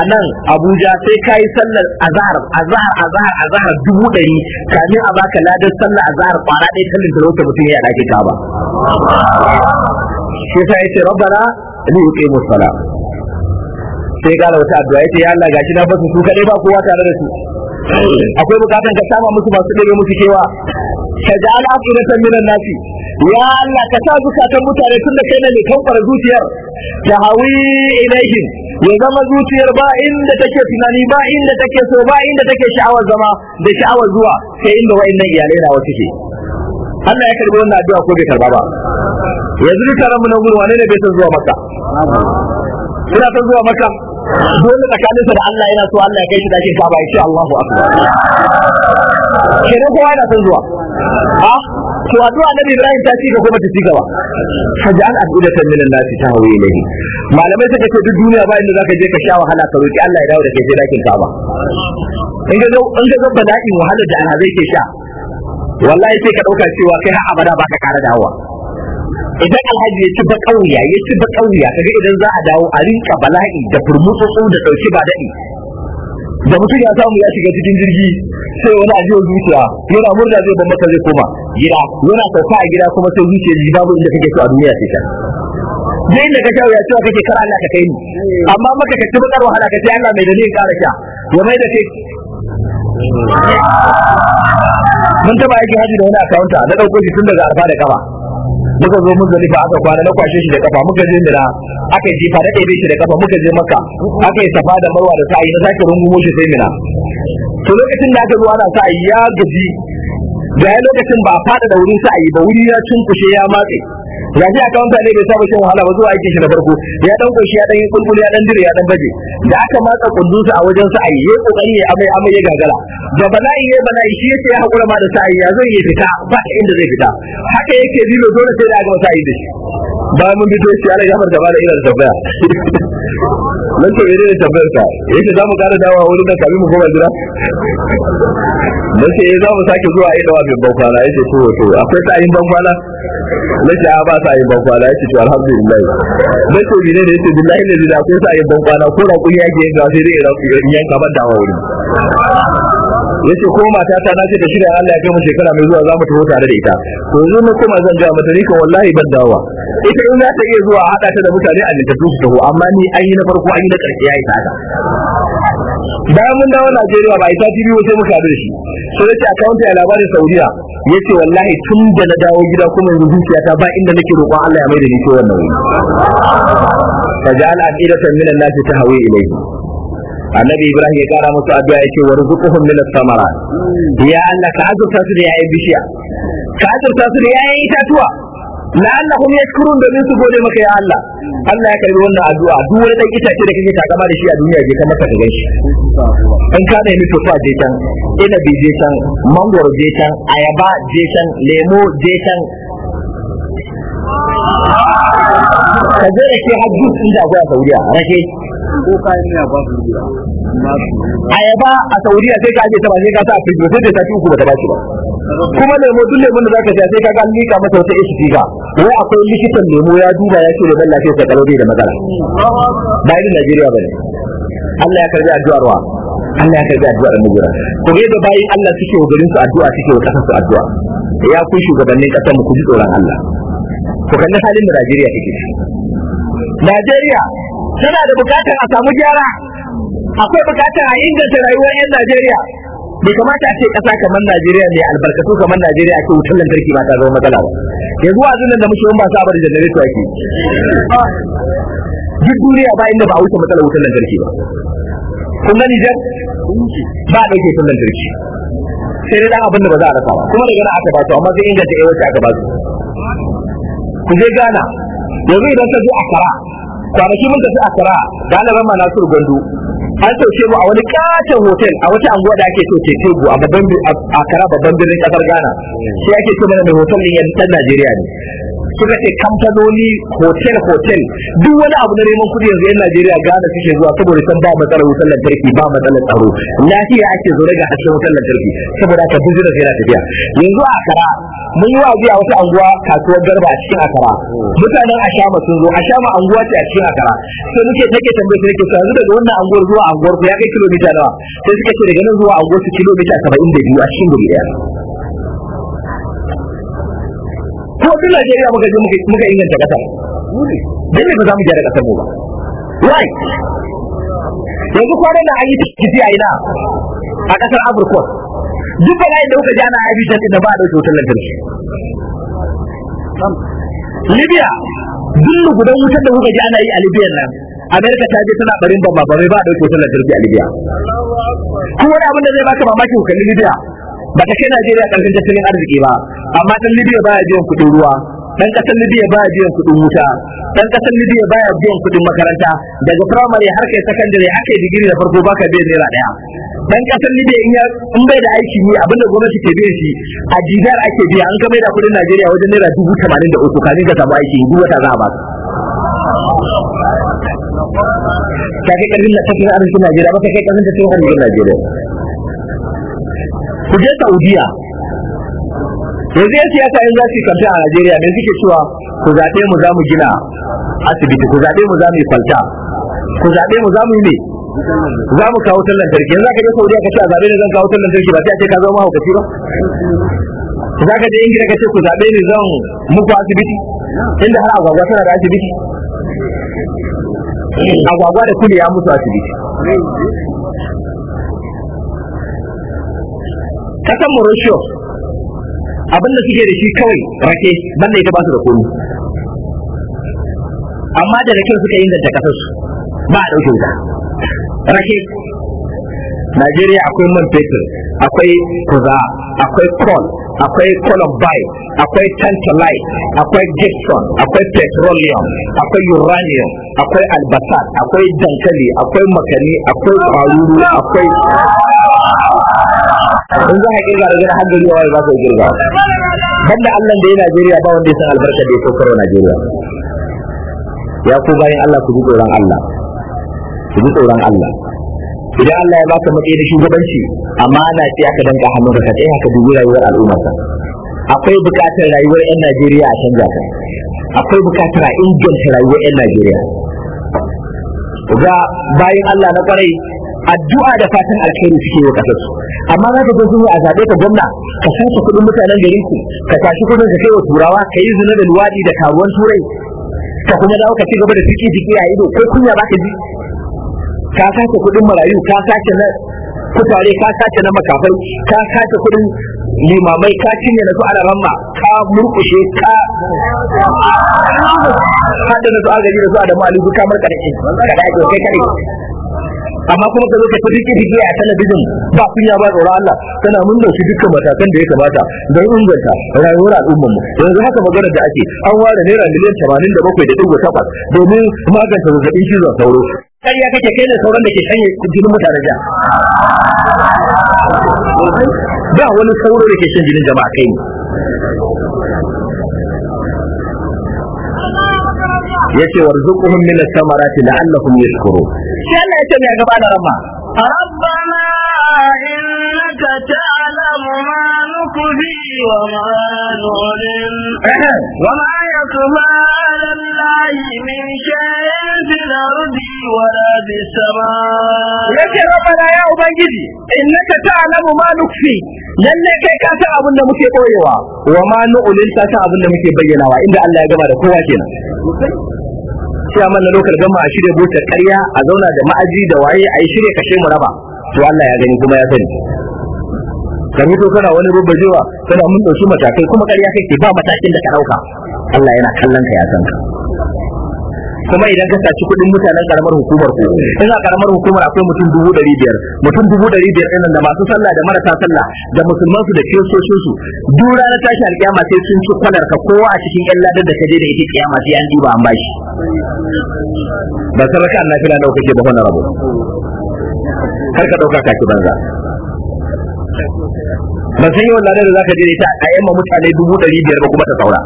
a nan abuja sai ka yi sallar azahar azahar azahar zahar dubu ɗari kamin a baka ladar sallar azahar kwana ɗaya kallon da wata mutum ya ɗaki kaba. shi yasa rabbana li yuqimu salat sai kara wata addu'a yace ya Allah gashi na fasu su kadai ba kowa tare da su akwai bukatan ka sama musu masu dare musu cewa. ka ji al afidatan minan nasi ya Allah ka sa zukatan mutane tun da kai ne kan fara zuciyar ta hawi ilaihim ya zama zuciyar ba inda take tunani ba inda take so ba inda take sha'awar zama da sha'awar zuwa sai inda wa'annan iyalai nawa suke Allah ya karbi wannan addu'a ko bai karba ba yanzu duk taron mu na gudu wane ne bai san zuwa maka ina san zuwa maka dole tsakaninsa da Allah yana so Allah ya kai shi da kin kaba insha Allahu akbar kenan kowa yana san zuwa a to addu'a Annabi Ibrahim ta ci gaba ta ci gaba faj'al afidatan minan nasi tahwi ilayhi malamai suka ce duk duniya ba inda zaka je ka sha wahala ka roki Allah ya dawo da kai sai dakin kaba in ga in ga bala'in wahalar da zai ke sha wallahi sai ka dauka cewa kai har abada ba ka kara dawowa idan alhaji ya ci ba kauya ya ci ba kauya kaga idan za a dawo a rinka bala'i da furmutsutsu da dauki ba daɗi da mutum ya samu ya shiga cikin jirgi sai wani ajiyar zuciya yana murna zai ban zai koma gida yana sauka a gida kuma sai zuciya ji babu inda kake so a duniya sai ta da inda ka shawo ya cewa kake kar Allah ka kai ni amma maka ka ci bakar wahala ka ce Allah mai dalilin kara sha ya mai da kai mun taba yake haji da wani akawunta na ɗauko shi tun daga arfa da kafa muka zo mun zalifa aka kwana na kwashe shi da kafa muka je mira aka yi jifa na ɗebe shi da kafa muka je maka aka yi safa da marwa da sa'ayi na sake rungumo shi sai mira to lokacin da aka zo ana sa'ayi ya gaji da ya lokacin ba a fada da wurin sa'ayi ba wuri ya cunkushe ya matse ya ji akan ne bai saba shan wahala ba zuwa aikin shi na farko ya dan koshi ya dan yi kulkuli ya dan dire ya dan baje da aka matsa kundusa a wajen sa ayi yayi kokari amai amai ya gagara da bala'i ne bala'i shi yake ya hakura ma da sa'i ya zo yi fita ba inda zai fita haka yake zilo dole sai da ga sa'i da shi Ba mun fito shi ana gamar da ba da irin tambaya nan ce mene ne tambayar ka yake za mu kara dawa wurin da kabi mu koma jira nace eh za mu sake zuwa a yi dawa bin bankwana yake to to akwai ta yin bankwana nace a ba ta yin bankwana yake to alhamdulillah nace mene ne yake billahi ne da ko ta yin bankwana ko da kun yake yin gafi dai ran yan ka dawa wa wurin yace ko mata ta nace da shi da Allah ya kai mu shekara mai zuwa za mu tafi tare da ita to yanzu na koma zan ga mata ni ko wallahi ban dawa ita in za ta iya zuwa a haɗa ta da mutane a littattun su taho amma ni an yi na farko an yi na ƙarshe ya yi ta bayan mun dawo Najeriya ba ita biyu sai muka da shi sai yace account ya labarin Saudiya yace wallahi tun da na dawo gida kuma yanzu zuciyata ba inda nake roƙon Allah ya mai da ni ko wannan wuri fajal afidatan min an-nas tahwi ilayhi annabi ibrahim ya kara musu addu'a yake warzuquhum min as-samara ya Allah ka azurta su da yayin bishiya ka azurta su da yayin itatuwa la'allahum yashkurun da su gode maka ya Allah Allah ya karbi wannan addu'a duk wani dan itace da kake takama da shi a duniya je ka masa da ganshi An ka da ni tofa je can bi je can mangoro je can ayaba je can lemo je can ka je ki ke hajji inda ga a Saudiya rake ayaba a Saudiya sai ka je ta ba sai ka sa a firgo sai ta ci uku ba ta ba ba kuma lemo duk lemon da zaka sha sai ka ga an mika masa wata ishi ko akwai likitan nemo ya duba ya ce da ban lafiyar sa da matsala ba irin Najeriya ne. Allah ya karbi addu'arwa. Allah ya karbi addu'ar mujira ko ga da bayi Allah suke wajen su addu'a suke wajen su addu'a ya kun shugabannin kasar mu ku ji tsoron Allah ko kan halin da Najeriya take Najeriya tana da bukatar a samu gyara akwai bukatar a inganta rayuwar 'yan Najeriya bai kamata a ce ƙasa kamar Najeriya mai albarkatu kamar Najeriya ake wutar lantarki ba ta zama matsala ba yanzu zuwa nan da muke yin ba sabar janareto ake duk duniya ba inda ba a wuce matsalar wutar lantarki ba kun gani jan ba a ɗauke wutar lantarki sai dai ɗan abin da ba za a rasa ba kuma daga nan aka ba su amma sai inganta ɗaya wacce aka ba su ku je Ghana yanzu idan ka a Accra kwanaki mun tafi Accra ma na su gandu. an sauke mu a wani katon hotel a wata anguwa da ake so ke tegu a kara babban birnin kasar Ghana sai ake so mana da hotel yanzu yan Najeriya ne suka ce kamfanoni hotel hotel duk wani abu na neman kudi yanzu yan Najeriya gane suke zuwa saboda san ba matsalar wutar lantarki ba matsalar tsaro lafiya ake zo ga hasken wutar lantarki saboda ka zai na tafiya yanzu a kara mun yi wa'azi a wata anguwa kasuwar garba a cikin akara mutanen ashama sun zo ashama anguwa ce a cikin akara sai muke take tambaye su nake yanzu daga wannan anguwar zuwa anguwar ku ya kai kilomita nawa sai suka ce daga nan zuwa anguwar su kilomita 72 a cikin gari daya ko duk Najeriya muka je muka inganta kasar dan ne ba za mu gyara kasar mu ba why yanzu kwanan da an yi tikiti a ina a ƙasar Afirka duk bala'in da kuka ji ana Abidjan din ba a dauke wutar lantarki Libya duk gudan wutar da kuka ji ana yi a Libya nan Amerika ta je tana barin bamba ba ba a dauke wutar lantarki a Libya kuma wani abin da zai baka mamaki ku kalli Libya ba ta kai Najeriya ƙarfin tattalin arziki ba amma ɗan Libya baya biyan kuɗin ruwa ɗan ƙasar Libya baya biyan kuɗin wuta ɗan ƙasar Libya baya biyan kuɗin makaranta daga firamare har kai sakandare har kai digiri da farko baka biyan naira ɗaya ɗan ƙasar Libya in bai da aiki ne abinda gwamnati ke biyan shi a jidar ake biya an yi da kuɗin Najeriya wajen naira dubu tamanin da uku kamin ka samu aiki duk wata za a ba ka kai ƙarfin tattalin arzikin Najeriya ba ka kai ƙarfin tattalin arzikin Najeriya ku je Saudiya yanzu ya siyasa yanzu za su kamfe a Najeriya ne suke cewa ku zaɓe mu za mu gina asibiti ku zaɓe mu za mu yi kwalta ku zaɓe mu za mu yi ne za mu kawo tallan lantarki yanzu ka je Saudiya ka ce a zaɓe ne zan kawo tallan lantarki ba sai a ce ka zama mahaukaci ba za ka je Ingila ka ce ku zaɓe ne zan muku asibiti inda har agwagwa tana da asibiti agwagwa da kuli ya mutu asibiti kasan Mauritius abinda suke da shi kawai rake banda ita ba su da komi amma da rake suka inganta kasar su ba a ɗauke wuta rake Najeriya akwai man fetur akwai kuza akwai coal akwai columbine akwai tantalite akwai gibson akwai petroleum akwai uranium akwai albasa akwai dankali akwai makani akwai kwaruru akwai in za a kirga da gina hajjar yawa ba su kirga banda Allah da ya Najeriya ba wanda ya san albarka da ya saukar wa Najeriya ya ku bayan Allah su ji tsoron Allah su ji tsoron Allah idan Allah ya baka matsayi da shugabanci amana ce aka danka hannun ka kai haka dubi rayuwar al'umma ka akwai bukatar rayuwar 'yan Najeriya a canja ta akwai bukatar a inganta rayuwar 'yan Najeriya ga bayan Allah na kwarai addu'a da fatan alkhairi suke yi kasar su amma za ka zo zuwa a zaɓe ka gwamna ka sace kuɗin mutanen garin ku ka tashi kuɗin ka kai wa turawa ka yi zina da luwaɗi da karuwan turai ka kuma dawo ka ci gaba da fiki fiki a ido ko kunya ba ka ji ka sace kuɗin marayu ka sace na kutare ka sace na makafai ka sace kuɗin limamai ka cinye na su ramma ka murkushe ka hada na su agari da su adamu alifu ka marka da shi ka dace kai kare amma kuma ka zo ka tafi kirki a talabijin ba kunya ba tsoron Allah kana mun dauki dukkan matakan da ya kamata don inganta rayuwar al'ummar mu yanzu haka magana da ake an ware naira miliyan tamanin da da bakwai takwas domin magance zazzabin cizon sauro ƙarya kake kai da sauran da ke sanya jinin mutane ja ba wani sauro da ke shan jinin jama'a kai ne yace warzuquhum min ath-thamarati la'allahum yashkurun sai Allah yace mai gaba da rama rabbana innaka ta'lamu ma nukfi wa ma nu'lin *coughs* wa ma yakma 'ala allahi min shay'in fil ardi wa la bis samaa yace rabbana ya ubangiji innaka ta'lamu ma nukfi lalle kai ka san abin da muke koyewa wa ma nu'lin ka san abin da muke bayyanawa inda Allah ya gama da kowa kenan cewa mana lokal gama a shirya bota karya a zauna da ma'aji da waye a yi shirya kashe mu raba to Allah ya gani kuma ya sani kan to kana wani roba kana mun dauki matakai kuma karya kai ke ba matakin da ka ɗauka, Allah yana kallon ka ya san ka kuma idan ka saci kuɗin mutanen karamar hukumar ku in a karamar hukumar akwai mutum dubu ɗari biyar mutum dubu ɗari biyar ɗin da masu sallah da marasa sallah da musulmansu da kiristocin su duk ranar tashi alƙiyama sai sun ci kwalar ka kowa a cikin ƴan ladar da ka je da ita kiyama sai an duba an bashi ba san ka annabi na dauka ba wannan rabo kar ka dauka kaki banza ba san yawan ladar da zaka je da ita a yamma mutane dubu ɗari biyar ba kuma ta saura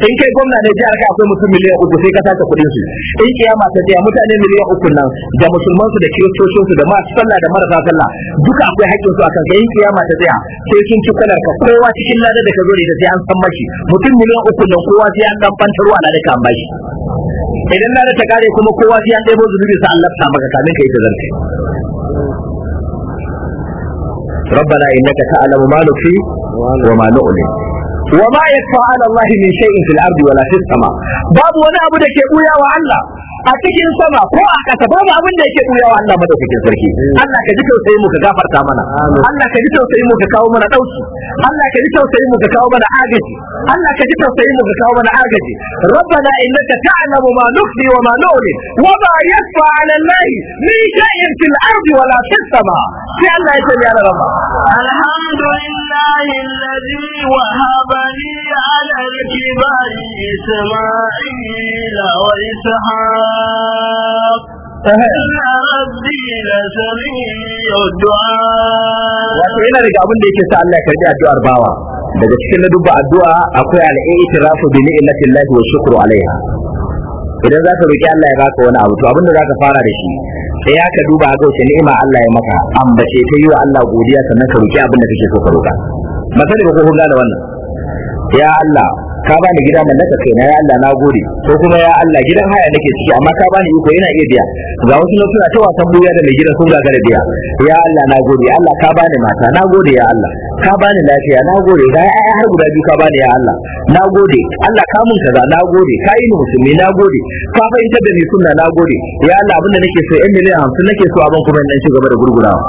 in kai gwamna ne jihar ka akwai mutum miliyan uku sai ka sace kuɗin su in kiyama ta tsaya mutane miliyan uku nan da musulman su da kiristocin su da masu sallah da marasa sallah duka akwai haƙƙin su akan in kiyama ta tsaya sai sun ci kalar ka kowa cikin ladar da ka zo da sai an san mashi mutum miliyan uku nan kowa sai an dan wa na da bashi idan ladar ta kare kuma kowa sai an ɗebo zubi sa Allah ta maka kamin kai ta zarce ربنا انك تعلم ما نخفي وما نعلن wa ma yakfa ala Allah min shay'in fil ardi wala fis sama babu wani abu da ke buya wa Allah a cikin sama ko a ƙasa ba mu abin da yake buyawa Allah madaukakin sarki Allah ka ji tausayi mu ka gafarta mana Allah ka ji tausayi mu ka kawo mana dauki Allah ka ji tausayi mu ka kawo mana agaji Allah ka ji tausayi mu ka kawo mana agaji rabbana innaka ta'lamu ma nukhfi wa ma nu'lin wa ma yasfa 'ala allahi min shay'in fil ardi wa la fis sama sai Allah ya tabbata rabbana alhamdulillahi alladhi wahaba li الكبار إسماعيل وإسحاق إن ربي لسميع الدعاء وأنا لك أقول لك سأل لك الدعاء daga cikin dubba addu'a akwai al-i'tirafu bi ni'matillahi wa shukru alaiha idan zaka roki Allah ya baka wani abu to abin da zaka fara da shi sai ya ka duba ga wace ni'ima Allah ya maka ambace ta yi wa Allah godiya sannan ka roki abin da kake so ka roka masali ba ko kun gane wannan ya Allah ka ba ni gida mallaka kai na ya Allah na gode ko kuma ya Allah gidan haya nake ciki amma ka ba ni iko yana iya biya ga wasu na suna ta wasan buya da mai gidan sun gagara biya ya Allah na gode Allah ka ba ni mata na gode ya Allah ka ba ni lafiya na gode ga ai har guda biyu ka ba ni ya Allah na gode Allah ka mun kaza na gode ka yi musulmi na gode ka fahimtar da ni sunna na gode ya Allah abinda nake so in miliyan 50 nake so abin kuma in shi gaba da gurgurawa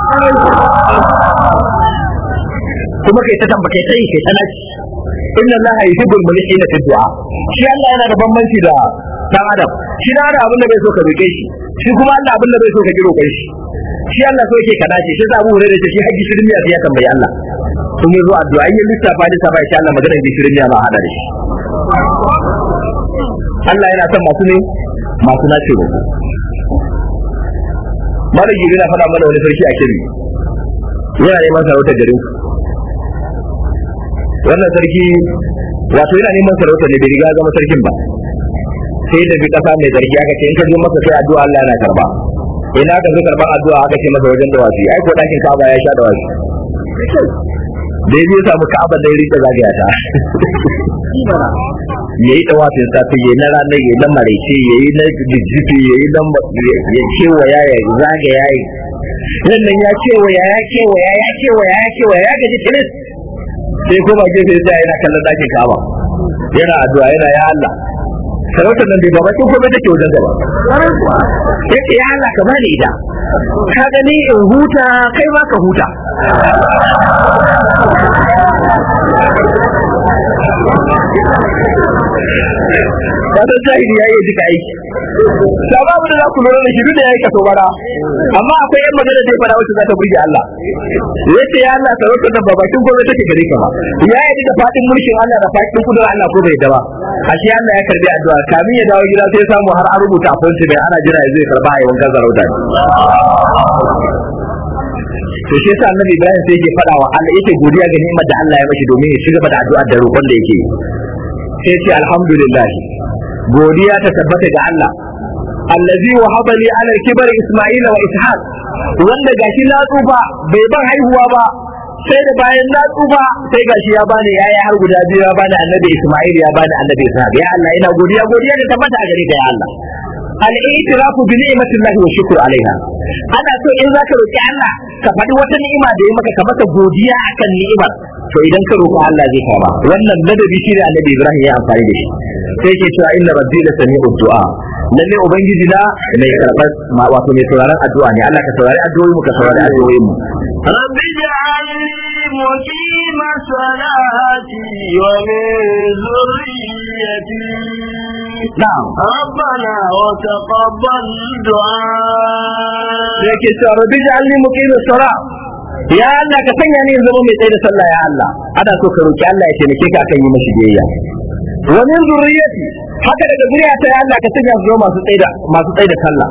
kuma kai ta tambake kai kai ta naci inna yi yuhibbul mulki na du'a shi Allah yana da bambanci da dan adam shi dan adam abinda bai so ka roƙe shi shi kuma Allah abinda bai so ka ki roƙe shi shi Allah so yake kada shi shi za mu Hurairah ce shi haji shirin ya ya tambayi Allah kun yi zo addu'a yin lissafa da sabai shi Allah magana da shirmiya ba hada da shi Allah yana son masu ne masu nace roƙo malaki yana faɗa mana wani sarki a kiri yana neman sarautar garin ku. wannan sarki wato yana neman sarauta ne bai riga zama sarkin ba sai da bi kasa mai zargi aka ce in ka zo masa sai addu'a Allah yana karba ina ka zo karban addu'a aka ce masa wajen dawaki ai ko dakin Ka'aba ya sha dawaki dai bai samu Ka'aba da rike zagaya ta *laughs* yayi da wasu dawafin safi yayi na ranar yayi na marece yayi na jijjifi yayi dan ya ce wa yaya zagaya yayi nan ya ce cewa ya ya cewa ya ya cewa ya ya cewa ya gaji tilis sai ko ba gefe sai yana kallon dakin kaba yana addu'a yana ya Allah sarautar nan bai gaba ko bai take wajen gaba yake ya Allah ka bani ita ka gani in huta kai ma ka huta wata jahili ya yi duka aiki da ba mu da za ku lura da shi duk da ya yi kaso bara amma akwai yan magana da ya fara wacce za ta burge Allah yace ya Allah sarauta da babakin gobe take gare ka ya yi da fadin mulkin Allah da fadin kudurar Allah ko bai da ba ashe Allah ya karbi addu'a kamin ya dawo gida sai samu har an rubuta a fonsi bai ana jira ya zai karba a yawan gazarauta to shi yasa annabi Ibrahim sai yake fada wa Allah yake godiya ga ni'imar da Allah ya mashi domin ya ci gaba da addu'a da roƙon da yake sai sai alhamdulillah godiya ta tabbata ga Allah allazi wahaba li ala kibar isma'ila wa ishaq wanda gashi na tsufa bai ban haihuwa ba sai da bayan na tsufa sai gashi ya bani yaya har guda biyu ya bani annabi isma'il ya bani annabi ishaq ya Allah ina godiya godiya ta tabbata a gare ka ya Allah al-i'tirafu bi ni'matillahi wa shukr alaiha ana so in zaka roki Allah ka faɗi wata ni'ima da ya maka ka masa godiya akan ni'imar to idan ka roƙa Allah zai kama wannan ladabi shi ne Annabi Ibrahim ya amfani da shi sai ke cewa inna rabbi la sami'u du'a lalle ubangiji na mai karɓar wato mai sauraron addu'a ne Allah ka saurari addu'o'i mu ka saurari addu'o'in mu rabbi ja'alni muqima salati wa min zurriyyati na'am rabbana wa taqabbal du'a yake cewa rabbi ja'alni muqima as ya Allah ka sanya ni zama mai tsaye da sallah ya Allah ana so ka roki Allah ya taimake ka akan yi mashi biyayya wa min zurriyyati haka daga zuriyata ya Allah ka sanya su zama masu tsaye da masu tsaye da sallah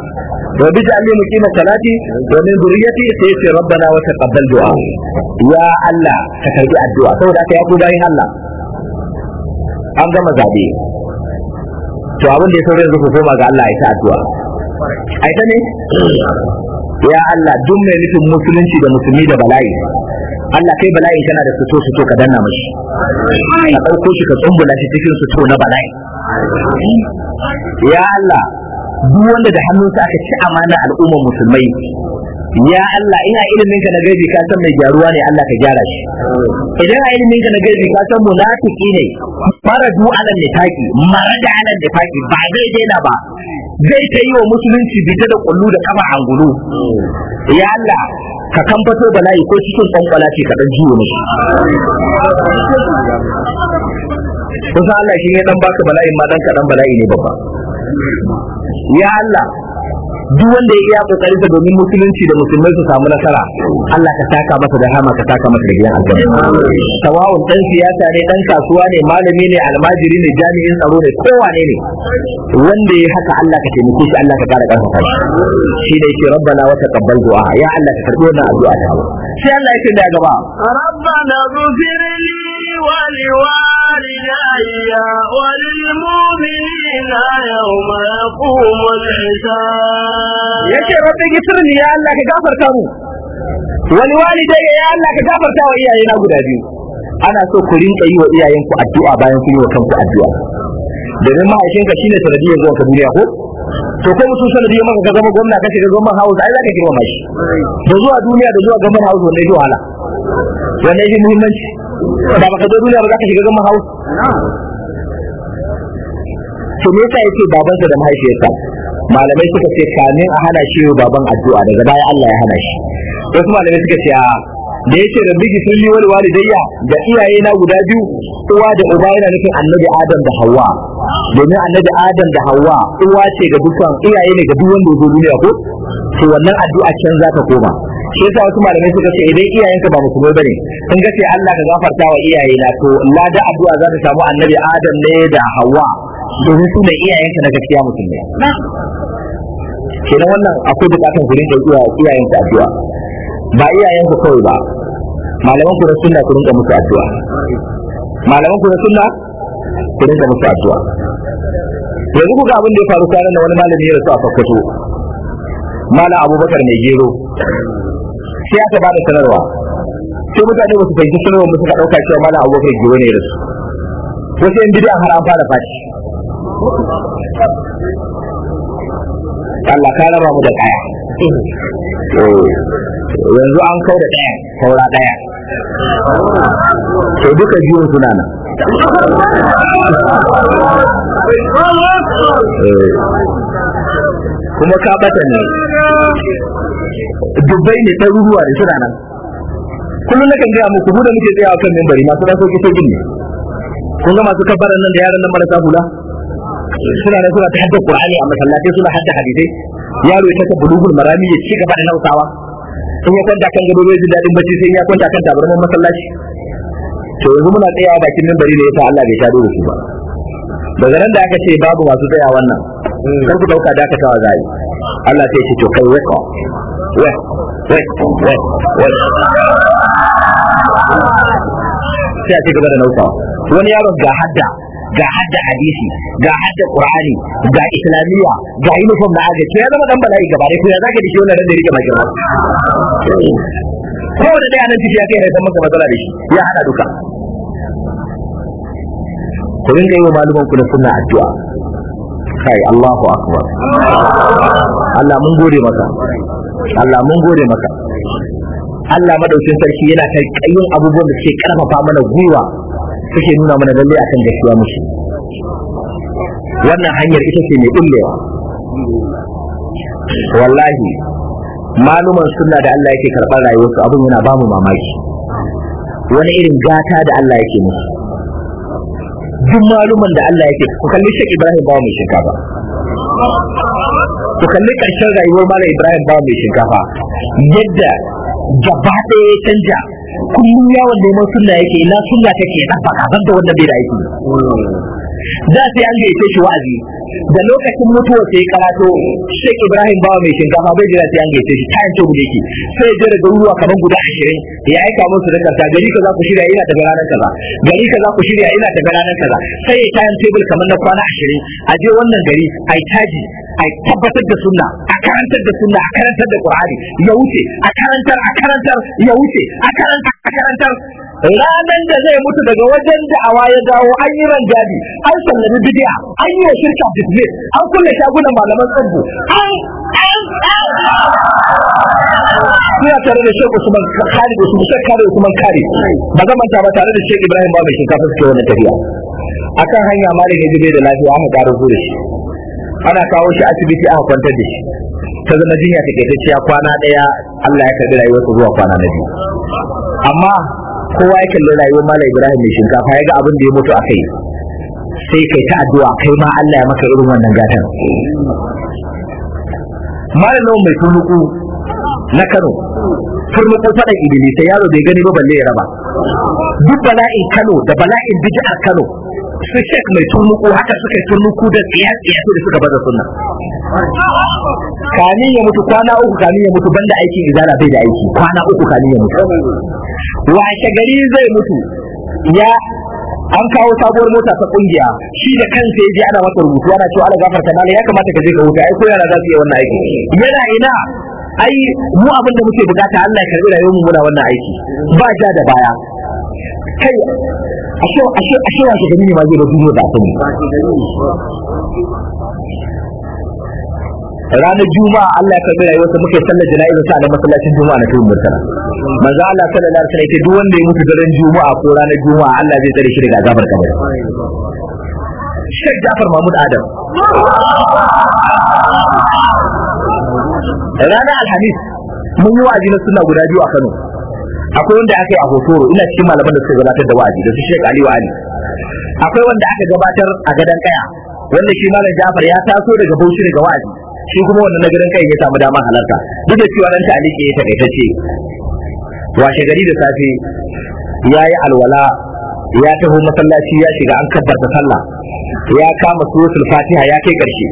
wa bi ja'alni muqima salati wa min zurriyyati ya Allah ka karbi addu'a saboda haka ya ku Allah an gama zaɓe. to abin da ya saurin yanzu ku koma ga Allah ya ta addu'a ai ta ne ya Allah duk mai nufin musulunci da musulmi da bala'i Allah kai bala'i kana da fito fito ka danna mashi ka ɗauko shi ka tsumbula shi cikin fito na bala'i ya Allah duk wanda da hannunsa aka ci amana al'ummar musulmai ya Allah ina ilimin ka na gaibi ka san mai gyaruwa ne Allah ka gyara shi idan a ilimin ka na gaibi ka san munafiki ne du alal nifaqi da alal nifaqi ba zai daina ba zai ta yi wa musulunci bita da kullu da kama angulu ya Allah ka kamfato bala'i ko cikin kwankwala ce ka dan jiwo ne kusa Allah shi ne dan baka bala'in ma dan ka dan bala'i ne babba ya Allah duk wanda ya iya kokari sa domin musulunci da musulmai su samu nasara Allah ka saka masa da rahama ka taka masa da gidan aljanna tawawun dan siyasa ne dan kasuwa ne malami ne almajiri ne jami'in tsaro ne kowane ne wanda ya haka Allah ka taimake shi Allah ka kara karfafa shi shi ne ke rabbana wa taqabbal du'a ya Allah ka karbi wannan addu'a ta sai Allah ya ce da gaba rabbana ghfirli ولوالدي وللمؤمنين يوم يقوم الحساب يكي ربي يسرني يا الله كغفر كامو ولوالدي يا الله كغفر كامو إياه ينا قد أبيو أنا سو كرين أي وإياه ينكو الدعاء باين كريم وكمكو الدعاء domin mahaifinka da sanadiyar zuwa ka duniya ko to ko mutum sanadiyar maka ka zama gwamna kace ka gwamna house ai yi girma mai da zuwa duniya da zuwa gwamna hawo ne zuwa hala wannan yi muhimmanci da baka zo duniya ba za ka shiga gama hau to me yasa yake babansa da mahaifiyarsa malamai suka ce kamin a hana shi baban addu'a daga baya Allah ya hana shi wasu malamai suka ce a, da yake da miji sun yi wani walidayya da iyaye na guda biyu uwa da uba yana nufin annabi adam da hawa domin annabi adam da hawa uwa ce ga dukkan iyaye ne ga duk wanda ya zo duniya ko to wannan addu'a can za ta koma shi yasa wasu malamai suka ce idan iyayenka ba musulmai bane sun ga ce Allah ka gafarta wa iyaye na to lada addu'a za ta samu annabi Adam ne da Hawwa domin su ne iyayenka na gaskiya musulmai kenan wannan akwai bukatan gurin da zuwa iyayenka addu'a ba iyayenka kawai ba malaman ku na sunna ku rinka musu addu'a malaman ku na sunna ku rinka musu addu'a yanzu kuka abin da ya faru kwanan da wani malami ya rasu a fakkwato mala abubakar mai gero sai aka ba da sanarwa sai mutane ba su fahimci sanarwa ba suka ɗauka cewa malam abubakar giwa ne da su wasu yan bidiyan har an fara fashi Allah ka raba mu da kaya eh, yanzu an kau da ɗaya saura ɗaya Ke duka biyun suna nan eh. kuma ka bata ne dubbai ne ruwa da suna nan kullum na kan gaya muku mu da muke tsayawa kan membari, masu dan kusa sauki ne kun ga masu kabaran nan da yaran nan marasa hula suna nan suna ta hadda qur'ani a masallatai suna hadda hadisai yaro ya taka bulugul marami ya ci gaba da nausawa Sun ya kwanta kan gado jin daɗin bacci sai ya kwanta kan tabarman masallaci to yanzu muna tsayawa bakin membari ne yasa Allah bai shaɗo da su ba daga nan da aka ce babu masu tsayawa wannan kan ku dauka dakatawa za yi Allah sai ce to kai waka waka waka waka sai a ci gaba da nausawa wani yaron ga hadda ga hadda hadisi ga hadda qur'ani ga islamiyya ga uniform na agaji ya zama dan bala'i gaba dai ya zaka dace wannan da rike makin ko da dai anan tafiya kai haifar maka matsala da shi ya hada duka ku dinga yi wa malaman ku na sunna addu'a kai Allahu akbar Allah mun gode maka Allah mun gode maka Allah madaukin sarki yana kai kayyun abubuwan da suke karfafa mana gwiwa suke nuna mana lalle akan gaskiya mushi wannan hanyar ita ce mai kullewa wallahi maluman sunna da Allah yake karɓar rayuwarsu abin yana ba mu mamaki wani irin gata da Allah yake musu duk maluman da Allah yake ku kalli shek Ibrahim ba mai shinkafa ku kalli karshen rayuwar malam Ibrahim ba mai shinkafa yadda gaba ɗaya ya canja kullum yawon neman sunna yake ina sunna take dafa kazan da wanda bai da aiki da sai an gaice shi wa'azi da lokacin mutuwa sai karato Sheikh Ibrahim bawa mai shinkafa bai jira sai an gaice shi kayan to yake sai jira garuruwa kaman guda 20 ya aika musu daga ta gari za ku shirya ina ta ranar kaza gari za ku shirya ina ta ranar kaza sai ya tayan table kaman na kwana ashirin. a je wannan gari ai taji ai tabbatar da sunna karantar da sunna a karantar da qur'ani ya wuce a karantar a karantar ya wuce a karantar a karantar ranan da zai mutu daga wajen da awa ya dawo an yi ranjadi an sallami bidiya an yi wa shirka business an kulle shagunan malaman sabbu, an an Ina tare da Sheikh Usman Kari da Usman Kari Usman Kari ba zan manta ba tare da Sheikh Ibrahim ba mai shinkafa suke wannan tafiya akan hanya malam ya da lafiya aka karo da shi ana kawo shi asibiti aka kwantar da shi ta zama jinya ta kaitacciya kwana daya Allah ya karbi ta zuwa kwana na biyu amma kowa ya kalli rayuwar Malam Ibrahim mai shinkafa ya ga abin da ya mutu a kai sai kai ta addu'a kai ma Allah ya maka irin wannan gatan Malam nan mai tunuku na Kano turnuku faɗan Idris sai yaro bai gani ba balle ya raba duk bala'in Kano da bala'in bid'a Kano su shek mai turnuku haka suka yi turnuku da tsiya tsiya su da suka bada sunna kani ya mutu kwana uku kani ya mutu banda aikin izara bai da aiki kwana uku kani ya mutu washe gari zai mutu ya an kawo sabuwar mota ta kungiya shi da kansa je ana masa rubutu ana cewa ala gafarta mala ya kamata ka je ka huta ai ko yara za su yi wannan aiki yana ina ai mu abin da muke bukata Allah ya karbi rayuwar mu muna wannan aiki ba ja da baya kai ashe ashe ashe wa ne ma zai da duniya ranar juma'a Allah ya karbi rayuwarsa muke sallar jana'izar sa da masallacin juma'a na turin murtala manzo Allah sallallahu alaihi wasallam duk wanda ya mutu daren juma'a ko ranar juma'a Allah zai tsare shi daga azabar kabari Sheikh Jafar Mahmud Adam ranar Alhamis mun yi wa'azi na sunna guda biyu a Kano akwai wanda aka yi a hotoro ina cikin malaman da suka gabatar da wa'azi da su Sheikh Ali wa akwai wanda aka gabatar a gadon kaya wanda shi malam Jafar ya taso daga Bauchi daga wa'azi shi kuma wanda wannan nagarin kai ya samu damar halarta duk da cewa ta ta'aliki ya takaitacce washe gari da safe yayi alwala ya taho masallaci ya shiga an kabbarta sallah ya kama suratul fatiha ya kai karshe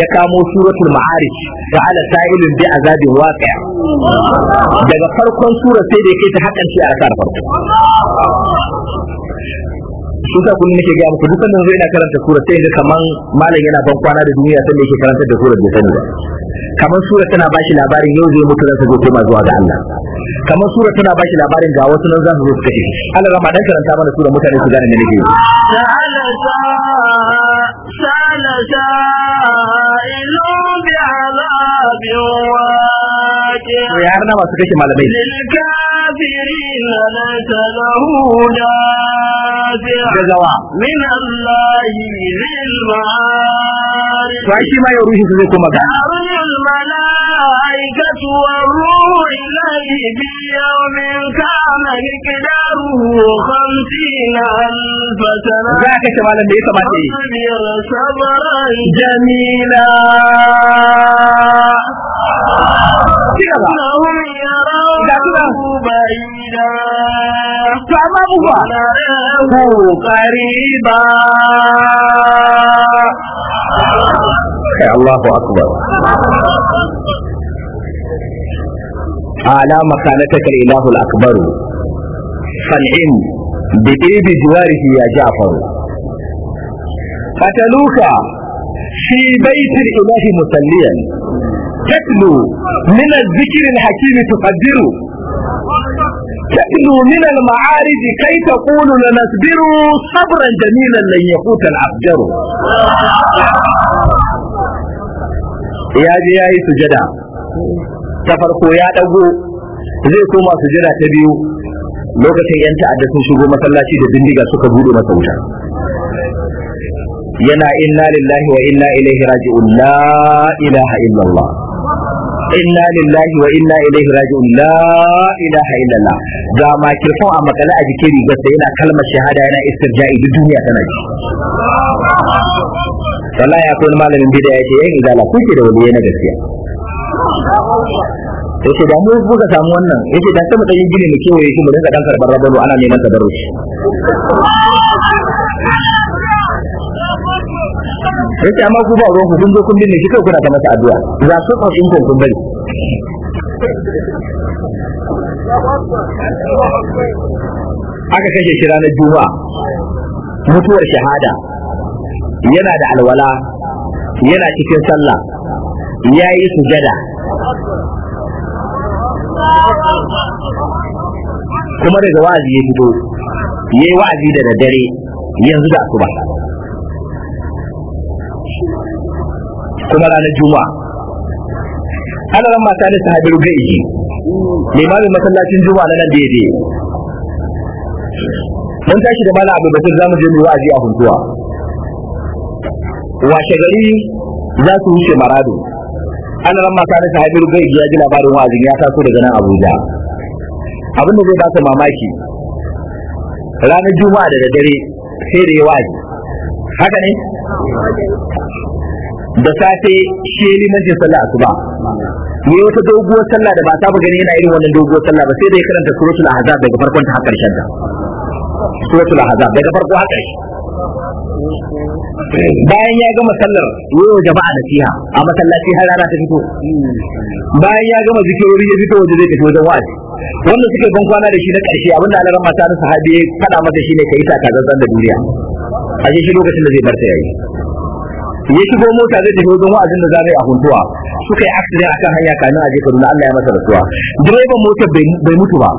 ya kamo suratul ma'arij da ala sa'ilin bi azabin waqi'a daga farkon sura sai da yake ta hakan shi a rasa farko shi sa kullum nake ga muku dukkan yanzu ina karanta sura sai ga kaman malam yana ban kwana da duniya sai yake karanta da sura da sani ba kamar sura tana ba shi labarin yau zai mutu ransa zai koma zuwa ga Allah kamar sura tana ba shi labarin ga wasu nan za su zo su kashe Allah rama dan karanta mana sura mutane su gane me nake yi sana sa'ilu bi azabin waqi to ya na masu kashe malamai من الله ذي المعارف فأيش ما يروحي سيكون مكان تعرج الملائكة والروح إليه في يوم كان مقداره خمسين ألف سنة ذاك شمالا بيسا ما تيه صبرا جميلا إنهم يرونه بعيدا kamar ba ku qariba kai Allahu akbar ala makanataka ilahu akbar fal'im bi ibi jiwarihi ya ja'far fataluka fi baiti ilahi musalliyan tatlu min al-dhikri al تأتوا من المعارض كي تقول لنصبر صبرا جميلا لن يفوت الأفجر يا جي يا سجدا تفرقوا يا دغو zai koma sujada ta biyu lokacin yan ta'adda shigo masallaci da bindiga suka bude masa wuta yana inna lillahi wa inna ilaihi raji'un la illallah inna lillahi wa inna ilaihi raji'un la ilaha illallah ga makirfon a makala a jikin rigar sa ina kalmar shahada yana istirja'i duk duniya tana ji wallahi akwai wani malamin bid'a yace yayin izala kuke da waliyai na gaskiya yace da mu buga samu wannan yace da sama da yin gini ne kewaye shi mu dinga dan karbar rabano ana neman tabarruci yace amma ku ba ruwan ku kun zo kun binne shi kai kuna ta masa addu'a za su ko in kun bari aka kashe shi na juma'a mutuwar shahada yana da alwala yana cikin sallah ya yi sujada kuma daga wa'azi ya fito ya yi wa'azi da daddare yanzu da asuba kuma ranar juma'a ana ran mata da sahabir gaiji limamin masallacin juma'a na nan da daidai mun tashi da malam abubakar zamu je mu wa'azi a huntuwa washe gari za su wuce marado ana ran mata da sahabir gaiji ya ji labarin wa'azin ya taso daga nan abuja abin da zai ba mamaki ranar juma'a da dare sai da ya haka ne da safe shi ya limancin sallah asuba ne wata doguwar sallah da ba ta gani yana irin wannan doguwar sallah ba sai da ya karanta suratul ahzab daga farkon ta har karshen ta suratul ahzab daga farko har karshe bayan ya gama sallar yau jama'a nasiha a masallaci har rana ta fito bayan ya gama zikirori ya fito waje zai tafi wajen wa'azi wanda suke ban kwana da shi na ƙarshe abinda Allah ran mata na sahabi ya faɗa masa shine kai ta kazan da duniya a shi lokacin da zai bar ta yayi ya shigo mota zai tafi wajen wa'azin da zai a huntuwa suka yi accident akan hanya kamin a jefa na Allah ya masa rasuwa direban motar bai mutu ba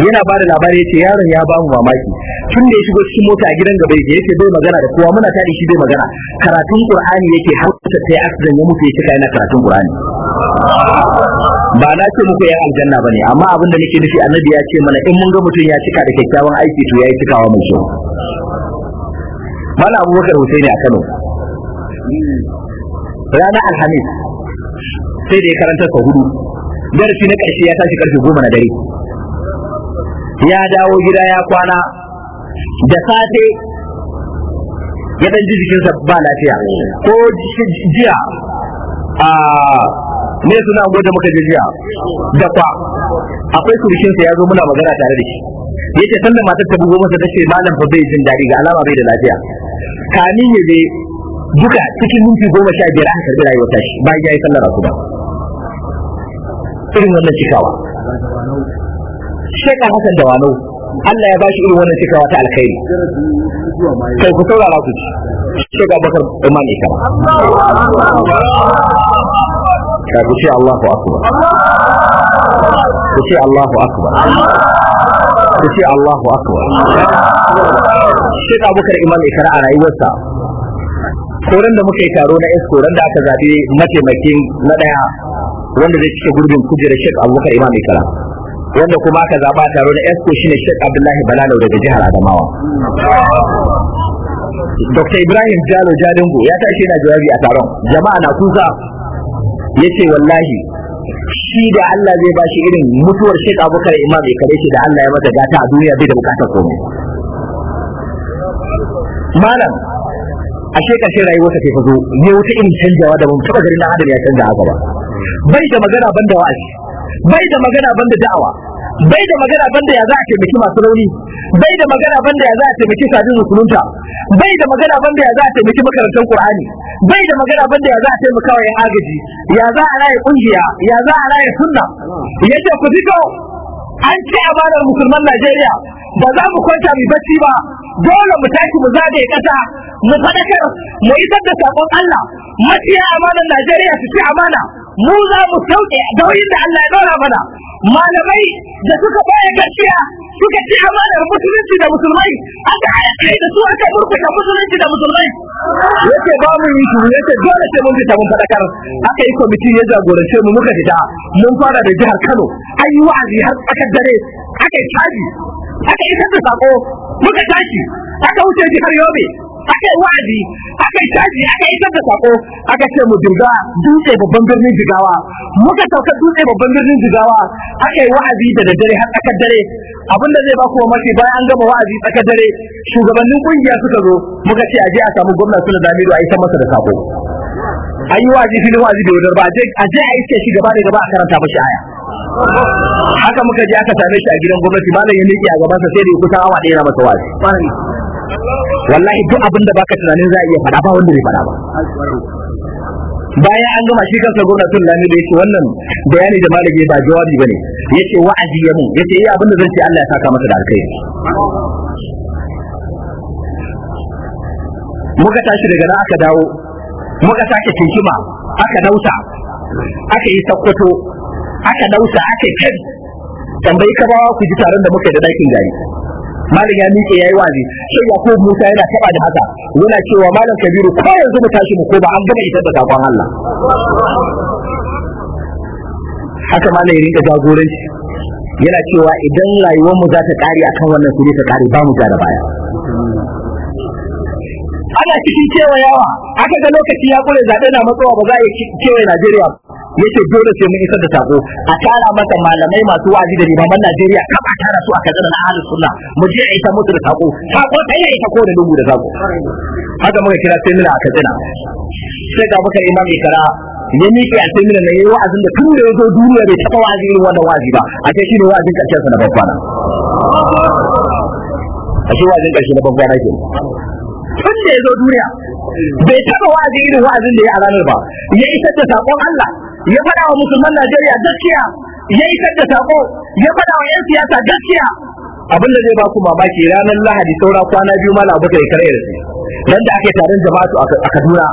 yana ba da labari ya ce yaron ya mu mamaki tun da ya shigo cikin mota a gidan gaba ya yace bai magana da kowa muna tadi shi bai magana karatun Qur'ani yake har ta yi accident ya mutu ya cika yana karatun Qur'ani ba na ce muku ya aljanna bane amma abin da nake nufi annabi ya ce mana in mun ga mutum ya cika da kyakkyawan aiki to yi cikawa mai kyau Mala Abubakar Hussaini a Kano ranar alhamis sai da ya karanta sau hudu darasi na ƙarshe ya tashi karfe goma na dare ya dawo gida ya kwana da safe ya ɗan ji jikinsa ba lafiya ko jiya a ne suna gwada muka je jiya da kwa akwai surukinsa ya zo muna magana tare da shi ce sanda matar ta bugo masa ce malam fa bai jin daɗi ga alama bai da lafiya kamin ya je duka cikin minti goma sha biyar aka karbi rayuwar tashi bayan ya yi sallar asuba irin wannan cikawa shekar hasan da wano Allah ya bashi irin wannan cikawa ta alkhairi kai ku saurara ku ci shekar bakar imam ikama ka ku ce Allahu akbar ku ce Allahu akbar ku ce Allahu akbar shekar bakar imam ikara a rayuwarsa koran da muka yi taro na esko ran da aka zaɓi mataimakin na ɗaya wanda zai cike gurbin kujerar shek abubakar imam ikra wanda kuma aka zaɓa taro na esko shine shek abdullahi balalau daga jihar adamawa Dr. Ibrahim Jalo Jalingo ya tashi yana jawabi a taron jama'a na kusa ya ce wallahi shi da Allah zai ba shi irin mutuwar shek Abubakar Imam ya kare shi da Allah ya masa gata a duniya bai da bukatar komai malam a ce karshe rayuwar ta fa zo ne wuce irin canjawa da mun taba garin adam ya canja haka ba bai da magana banda wa'azi bai da magana banda da'awa bai da magana banda ya za a taimaki masu rauni bai da magana banda ya za a taimaki sadin musulunta bai da magana banda ya za a taimaki makarantar qur'ani bai da magana banda ya za a taimaka wa agaji ya za a raye kungiya ya za a raye sunna yace ku fito an ce amanar musulman Najeriya ba za mu kwanta mu bacci ba dole mu tashi mu zabe kasa mu fadakar mu isar da sakon Allah maciya amanar Najeriya su ci amana mu za mu sauke dauyin da Allah ya dora mana malamai da suka baya gaskiya suka ci amanar musulunci da musulmai aka haɗe da su aka murkuta musulunci da musulmai yace ba mu yi shiru yake dole sai mun fita mun fadakar aka yi kwamiti ya jagorance mu muka fita mun fara da jihar Kano ayi yi wa'azi har tsakar dare aka yi aka isar da sako muka tashi aka wuce har yobe aka yi wa'azi aka yi tashi aka isar da sako aka ce mu dinga dutse babban birnin jigawa muka sauka dutse babban birnin jigawa aka yi wa'azi da daddare har tsakar dare abin da zai ba ku mafi bayan gama wa'azi tsakar dare shugabannin kungiya suka zo muka ce a je a samu gwamna suna damiru a isar masa da sako an yi wa'azi filin wa'azi da wadar ba a je a iske shi gaba da gaba a karanta mashi aya haka muka je aka same shi a gidan gwamnati malam ya miƙe a gaban sa sai da kusa awa ɗaya na masa wazi wallahi duk abin da baka tunanin za a iya faɗa ba wanda bai faɗa ba bayan an gama shi kansa gwamnatin lami da yake wannan bayani da malami ba jawabi bane yake wa'azi ya mun yace iya eh, abin da zan ce Allah ya saka masa da alkhairi muka tashi daga nan aka dawo muka sake tinkima aka dauta aka yi sakkwato aka dauka aka kai tambayi ka bawa ku ji taron da muka da dakin gari malam ya miƙe yayi wazi sai yakub musa yana taba da haka yana cewa malam kabiru ko yanzu mu tashi mu ko ba an gama isar da sakon Allah haka malam ya rinka jagoranci yana cewa idan rayuwar mu za ta kare akan wannan su ta kare ba mu ga da baya ana cikin cewa yawa aka ga lokaci ya kure zaɓe na matsowa ba za a yi cewa Najeriya yake dole sai mun isar da sako a tara masa malamai masu wa'azi da limaman Najeriya kan a tara su a na ahlus sunna mu je ita musu da sako sako sai ya ita ko da lungu da sako haka muka kira sai mila a kadina sai ga muka imam ikra ya miƙe a sai na yayi wa'azin da tun da ya zo duniya bai taɓa wa'azi irin wannan wa'azi ba a ce ne wa'azin ƙarshen sa na babbana a ce wa'azin ƙarshe na na ke tun da ya zo duniya bai taɓa wa'azi irin wa'azin da ya a ranar ba ya isa da saƙon Allah ya faɗa wa musulman Najeriya gaskiya ya isar da sako ya faɗa wa 'yan siyasa gaskiya abin da zai baku mamaki ranar Lahadi saura kwana biyu ma labu kai kare da nan da ake taron jama'atu a Kaduna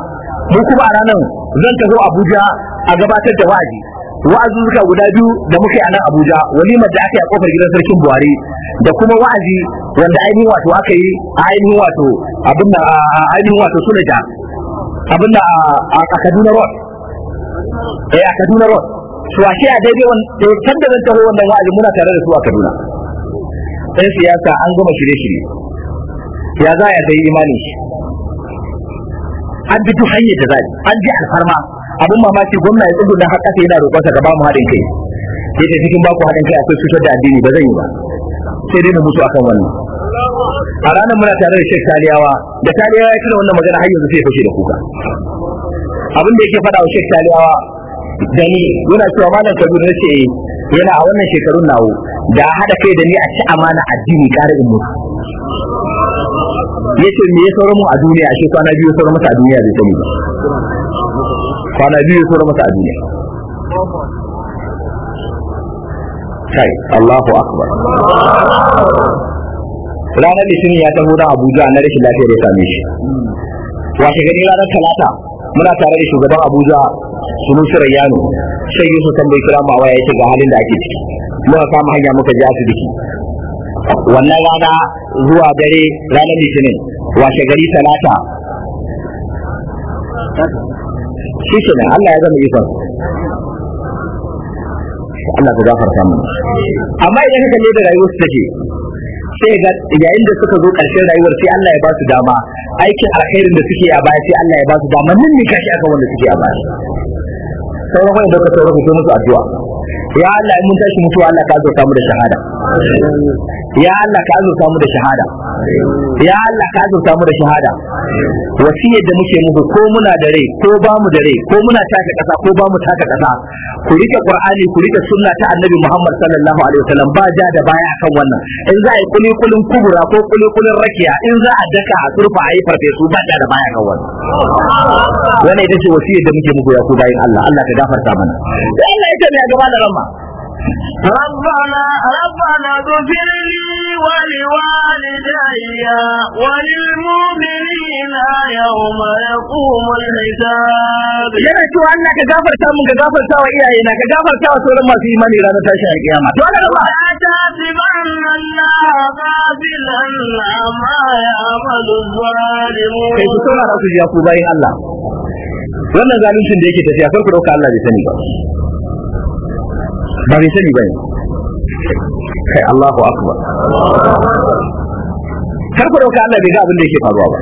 mu kuma a ranar zan taho Abuja a gabatar da wa'azi Wa'azi suka guda biyu da muke a nan Abuja walimar da aka yi a kofar gidan sarkin Buhari da kuma wa'azi wanda ainihin wato aka yi ainihin wato abin da ainihin wato abin da a Kaduna Road eh a Kaduna road su a ce a daidai wanda ya da zan taho wannan wa'azi muna tare da su a Kaduna sai siyasa an gama shirye-shirye ya za ya dai imani an bi duk hanyar da zai an ji alfarma abin mamaki gwamna ya da har yi yana roƙonsa ka ba mu haɗin kai sai da cikin baku haɗin kai akwai cutar da addini ba zan yi ba sai dai mu mutu akan wannan a ranar muna tare da shek taliyawa da taliyawa ya kira wannan magana har yanzu sai ya fashe da kuka abin da yake fada wa shek taliyawa da ni yana cewa malam kabir na ce yana a wannan shekarun nawo da haɗa kai da ni a ci amana addini ƙara in mutu ya ce me ya sauran mu a duniya a kwana biyu sauran masa a duniya bai sani ba kwana biyu sauran masa a duniya kai Allahu akbar ranar litinin ya taho da Abuja na rashin lafiya da same shi wace gani ranar talata muna tare da shugaban Abuja Sunusi Rayyano sai Yusuf tambayi kira mawa ya ce ga halin da ake ciki muka kama hanya muka ji biki. wannan rana zuwa dare ranar litinin washe gari talata shi ke nan Allah ya zama ikon Allah ka gafarta mu amma idan ka kalle da rayuwar su take sai ga yayin da suka zo karshen rayuwar sai Allah ya ba su dama aikin alkhairin da suke a baya sai Allah ya ba su dama nan ne kashi akan wanda suke a baya sauran wanda ka sauran ku musu addu'a ya Allah in mun tashi mutuwa Allah ka azurta samu da shahada ya Allah ka azurta samu da shahada ya Allah ka azurta samu da shahada wasiyar da muke muku ko muna da rai ko ba mu da rai ko muna taka kasa ko ba mu taka kasa ku rike qur'ani ku rike sunna ta annabi Muhammad sallallahu alaihi wasallam ba ja da baya akan wannan in za a yi kuli kulin kubura ko kuli kulin rakiya in za a daka a surfa a yi farfesu ba ja da baya akan wannan wannan ita ce wasiyar da muke muku ya ku bayin Allah Allah ka gafarta mana sai Allah ya ce mai gaba da ramma ربنا ربنا اغفر لي ولوالدي وللمؤمنين يوم يقوم الحساب يا cewa Allah ka gafarta mun ka wa iyaye na ka gafarta wa sauran masu rana ranar tashi a kiyama to Allah ba ta tiban Allah qabilan amma ya'malu zalimun kai wannan zalincin da yake tafiya farko da dauka Allah bai sani ba ba bai sani bane kai Allahu akbar kar ku dauka Allah bai ga abin da yake faruwa ba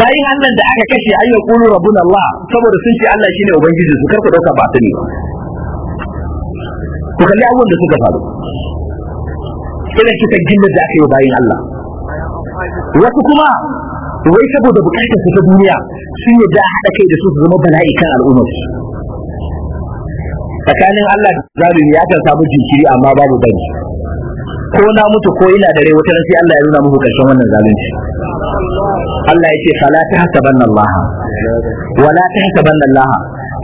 bayin Allah da aka kashe ayyu qulu rabbuna Allah saboda sun ce Allah shine ubangiji su kar ku dauka ba sani ku kalli abubuwan da suka faru irin kisan gillar da aka yi bayin Allah wasu kuma wai saboda bukatar su ta duniya sun yi a haɗa kai da su su zama bala'i kan al'ummar tsakanin Allah da zamu ya kan samu jinkiri amma babu bari ko na mutu ko ina da rai wata sai Allah ya nuna muku karshen wannan zalunci Allah ya ce fala tahsabanna Allah wala tahsabanna Allah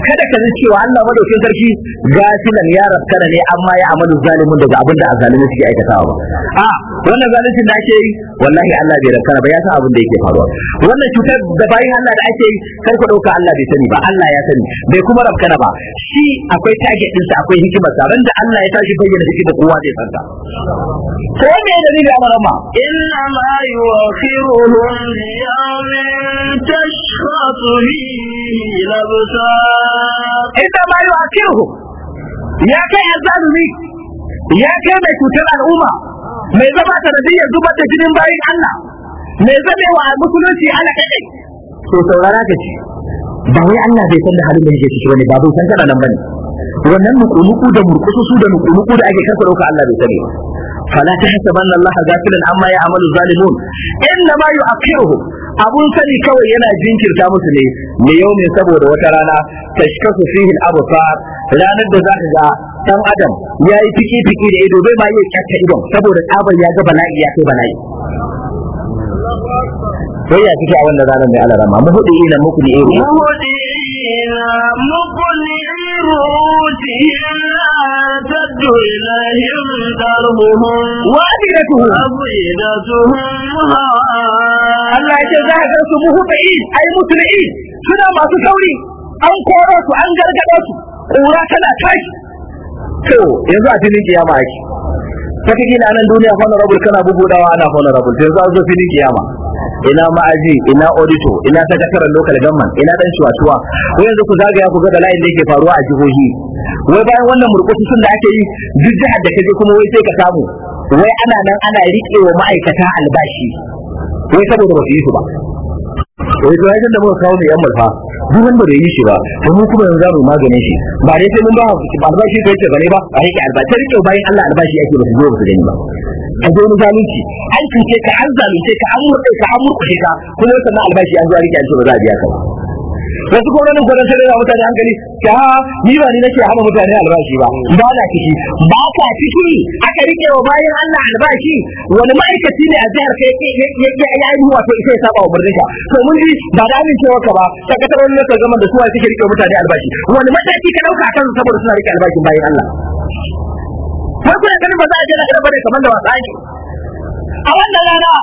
kada ka ji cewa Allah madaukin sarki nan ya rabkana ne amma ya amalu zalimin daga abinda a zalimi suke aikatawa ba a wannan zalincin da ake yi wallahi Allah bai rabkana ba ya san abin da yake faruwa wannan cutar da bayin Allah da ake yi kar ku dauka Allah bai sani ba Allah ya sani bai kuma rabkana ba shi akwai target ɗinsa akwai hikimar sa da Allah ya tashi bayyana da kowa zai santa ko me da ni a marama inna ma yuwaffiruhum yawmin tashkhatu fihi labsar inna ma yuwaffiruhum ya kai azzalumi ya kai mai cutar al'umma mai zama sanadiyya zubar da jinin bayin Allah mai zame wa musulunci ana kai to saurara ka ce ba wai Allah bai san da halin da yake cikin wani ba bai san kana nan bane wannan mukumuku da murkusu da mukumuku da ake karka dauka Allah bai sani ba fala tahsabanna Allah ghafilan amma ya'malu zalimun inna ma abun sani kawai yana jinkirta musu ne ne yau ne saboda wata rana shika su fi absar ranar da zaka ga dan adam yayi fiki fiki da ido bai ma yi kyatta idon saboda tsabar ya ga bala'i ya kai bala'i sai ya kike a wannan ranar mai alarama mu hudu ina muku ne eh مقنعي رؤوسهم لا تد إليهم دربهم وأفئدتهم Allah a su ai suna masu sauri an koro su an gargaɗo su ƙura tana tashi to yanzu a filin kiyama ake kake gina nan duniya honorable kana bubudawa ana honorable sai za zo filin kiyama ina ma'aji ina auditor ina sakataren local government ina dan shuwatuwa wai yanzu ku zagaya ku ga da layin da yake faruwa a jihohi wai bayan wannan sun da ake yi duk jihar da kaje kuma wai sai ka samu wai ana nan ana riƙe wa ma'aikata albashi wai saboda ba su yi su ba eh to yakin da muka kawo mai yan malfa duk wanda bai yi shi ba to mu kuma yanzu za mu maganin shi ba dai sai mun ba albashi ko yake bane ba a yake albashi rike bayan Allah albashi ake ba su zo ba su gani ba a zo zalunci an cuce ka an zalunce ka an murɗe ka an murƙushe ka kuma sannan albashi an zuwa rike an ce ba za a biya ka ba wasu gwamnatin gwamnatin sai da mutane hankali ka ni ba ni nake hana mutane albashi ba ba na ciki ba ka ciki aka rike wa bayan Allah albashi wani ma'aikaci ne a jihar kai ya yi wato sai ya saba wa murnika to mun ji ba da amincewa ka ba sakataren ne ka zama da suwa suke rike mutane albashi wani mataki ka dauka akan saboda suna rike albashin bayan Allah wai kuna ganin ba za a je na karɓar kamar da wasa ake a wannan rana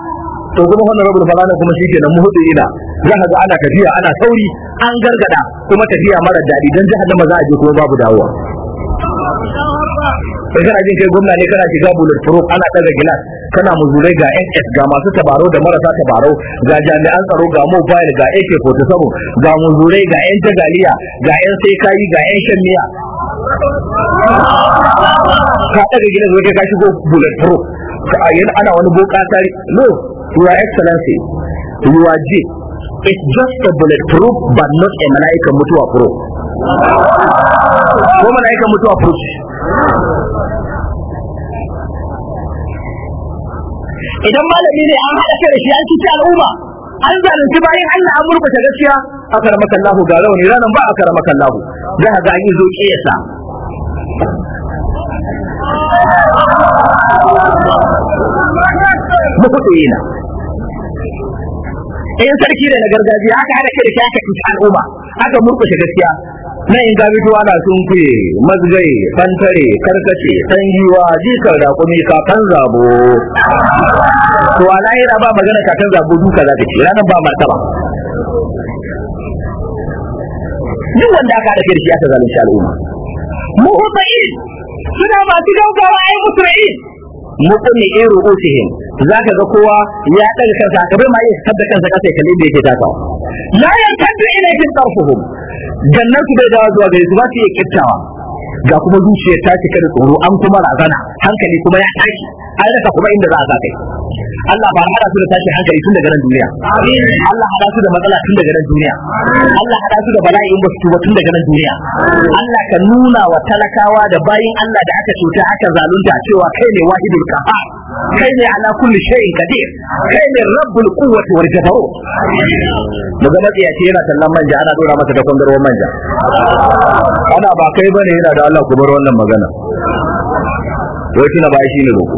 to kuma wannan da falana kuma shikenan mu hudu ina za ka ga ana tafiya ana sauri an gargada kuma tafiya mara daɗi dan da maza a je kuma babu dawowa sai kana jin kai gwamna ne kana shiga bulur proof ana daga gilas kana muzurai ga NS ga masu tabaro da marasa tabaro ga jami'an tsaro ga mobile ga AK47 ga muzurai ga yan jagaliya ga yan sai kai ga yan shan miya ka daga gilas wai ka shigo bullet proof ana wani boka tare no Your Excellency, are jeep is just a bulletproof but not a malaika mutuwa pro. Ko malaika mutuwa pro Idan malami ne an haɗa kai da shi an cuci al'umma, an zalunci bayan Allah an ta gaskiya a karamakan lahu ga rauni ranar ba a karamakan lahu. Za ka ga an yi zo ƙiyasa. yi na. Eh, in sarki da na gargajiya aka haɗa kai da shi aka cuci al'umma aka murkushe gaskiya na in ga bituwa na sun kuye mazgai fantare karkace tangiwa jikar da kuma kakan zabo to a lahira ba magana kakan zabo duka za ta ce ranar ba martaba duk wanda aka haɗa kai da shi aka zalunci al'umma mu'ubain suna masu gaugawa ai musulmin mukunni usihin za zaka ga kowa ya ɗaga kansa kabe ma yake tabda kansa kasa kalli da yake taka la yantadu ilayhim tarfuhum su bai dawo zuwa gare su ba su iya kyakkyawa. ga kuma zuciyar ta cika da tsoro an kuma razana hankali kuma ya tashi an raka kuma inda za a sa kai Allah ba hada su da tashin hankali tun daga nan duniya Allah hada su da matsala tun daga nan duniya Allah hada su da bala'i in ba su tuba tun daga nan duniya Allah ka nuna wa talakawa da bayin Allah da aka cuta aka zalunta cewa kai ne wahidul qahar kai ne ala kulli shay'in qadir kai ne rabbul quwwati wal jabarut daga matsiya ce yana sallan manja ana dora masa da kwandarwar manja ana ba kai bane yana da Allah ku wannan magana wai tuna ba shi ne roko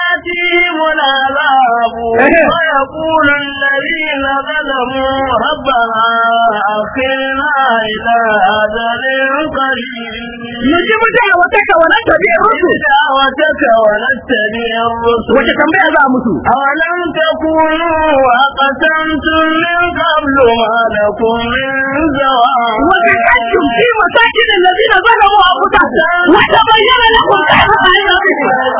يأتيهم العذاب إيه. ويقول الذين ظلموا ربنا أخرنا إلى أجل قريب نجيب دعوتك ونتبع الرسل دعوتك ونتبع الرسل وتتنبع ذا مسو أولم تكونوا أقسمتم من قبل ما لكم من زوال وتحكم في مساكن الذين ظلموا أبو أنفسهم وتبين لكم كيف تعلمون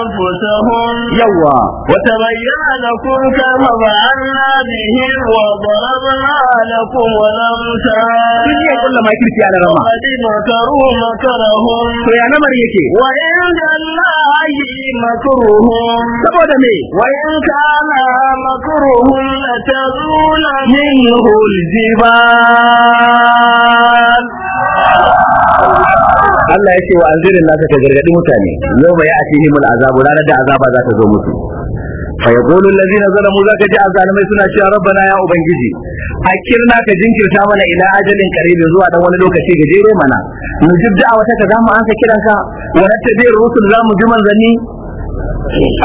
أنفسهم يوا وتبين لكم كما فعلنا بهم وضربنا لكم والأمثال كل يقول لما يكرتي على رمى وقد مكروا مكرهم ويا نمر يكي وعند الله مكرهم سبودا مي وإن كان مكرهم لتزول منه الجبال Allah ya ce wa anzirin nasa ta gargadi mutane yau mai atihim azabu? ranar da azaba za ta zo musu fa yaqulu mu za ka ji azalimai suna cewa na ya ubangiji akirna ka jinkirta mana ila ajalin da zuwa dan wani lokaci gajere mana mu a wata ka zamu ansa kiranka wa natabi rusul zamu ji manzanni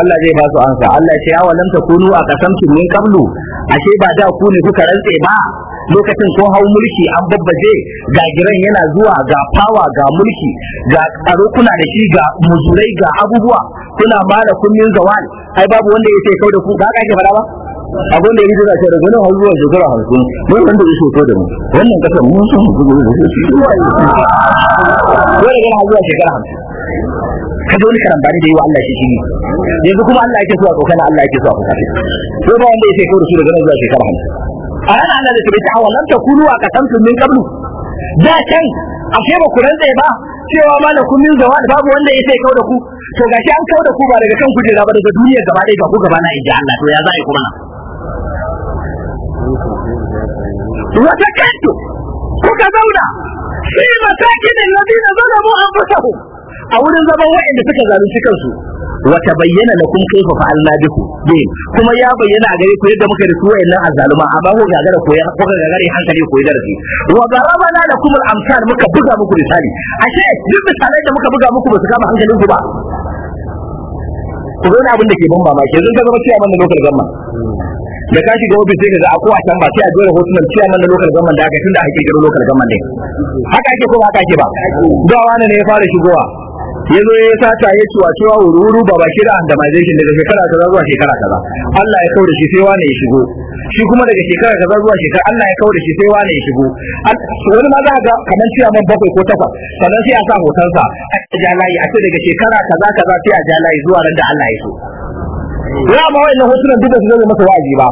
Allah zai ba su ansa Allah ce awa lam kunu a kasamtum min qablu ashe ba da ku ne kuka rantse ba lokacin ko hau mulki an babbaje ga giran yana zuwa ga fawa ga mulki ga tsaro kuna da shi ga muzurai ga abubuwa kuna ma da kunnin zawal ai babu wanda ya kai da ku ba ka ke fara ba abun da ya da shi da gona har zuwa shekara hamsin mun san da iso da mu wannan kasar mun san da iso da mu dole yana zuwa shekara hamsin ka ji wani karambani da yi wa Allah shi shi yanzu kuma Allah yake so a tsokana Allah yake so a tsokana ko ba wanda yake kawo da su daga nan zuwa shekara hamsin a ranar Allah da ta bai ta'awa lam takunu a kasamtum min qablu da can a ke ba ku rantsa ba cewa ma da kun min zawa da babu wanda yake kawo da ku to ga shi an kawo da ku ba daga kan kujera ba daga duniya gaba ɗaya ba ku gaba na inji Allah to ya za a yi kuma na wata kanto kuka zauna fi masakin alladhina zalamu anfusahum a wurin zaman waɗanda suka zalunci kansu wata bayyana lakum kayfa fa'alna bikum bin kuma ya bayyana a gare ku yadda muka da su wayannan azzaluma amma ko gagara ko ya ko gagara hankali ko darasi wa darabana lakum al-amsal muka buga muku misali ashe duk misalai da muka buga muku ba su kama hankalin ku ba ku ga abin da ke ban mamaki yanzu ka zama man wannan lokal gamma da ka shiga ofis sai ka ga akwai a can ba sai a jira hotunan cewa mana lokal zama da aka tunda ake kirkiro lokal zama ne. haka ake ko haka ake ba da wani ne ya fara shigowa ya zo ya sata ya ci wacewa wururu ba baki da andamization daga shekara kaza zuwa shekara kaza Allah ya kawo da shi sai wani ya shigo shi kuma daga shekara kaza zuwa shekara Allah ya kawo da shi sai wani ya shigo wani ma za ga kamar ciya man bakwai ko takwas sannan sai a sa hotonsa a ja layi a ce daga shekara kaza kaza sai a ja layi zuwa ran da Allah ya so ya ma na hotunan duk da su zama masa wa'azi ba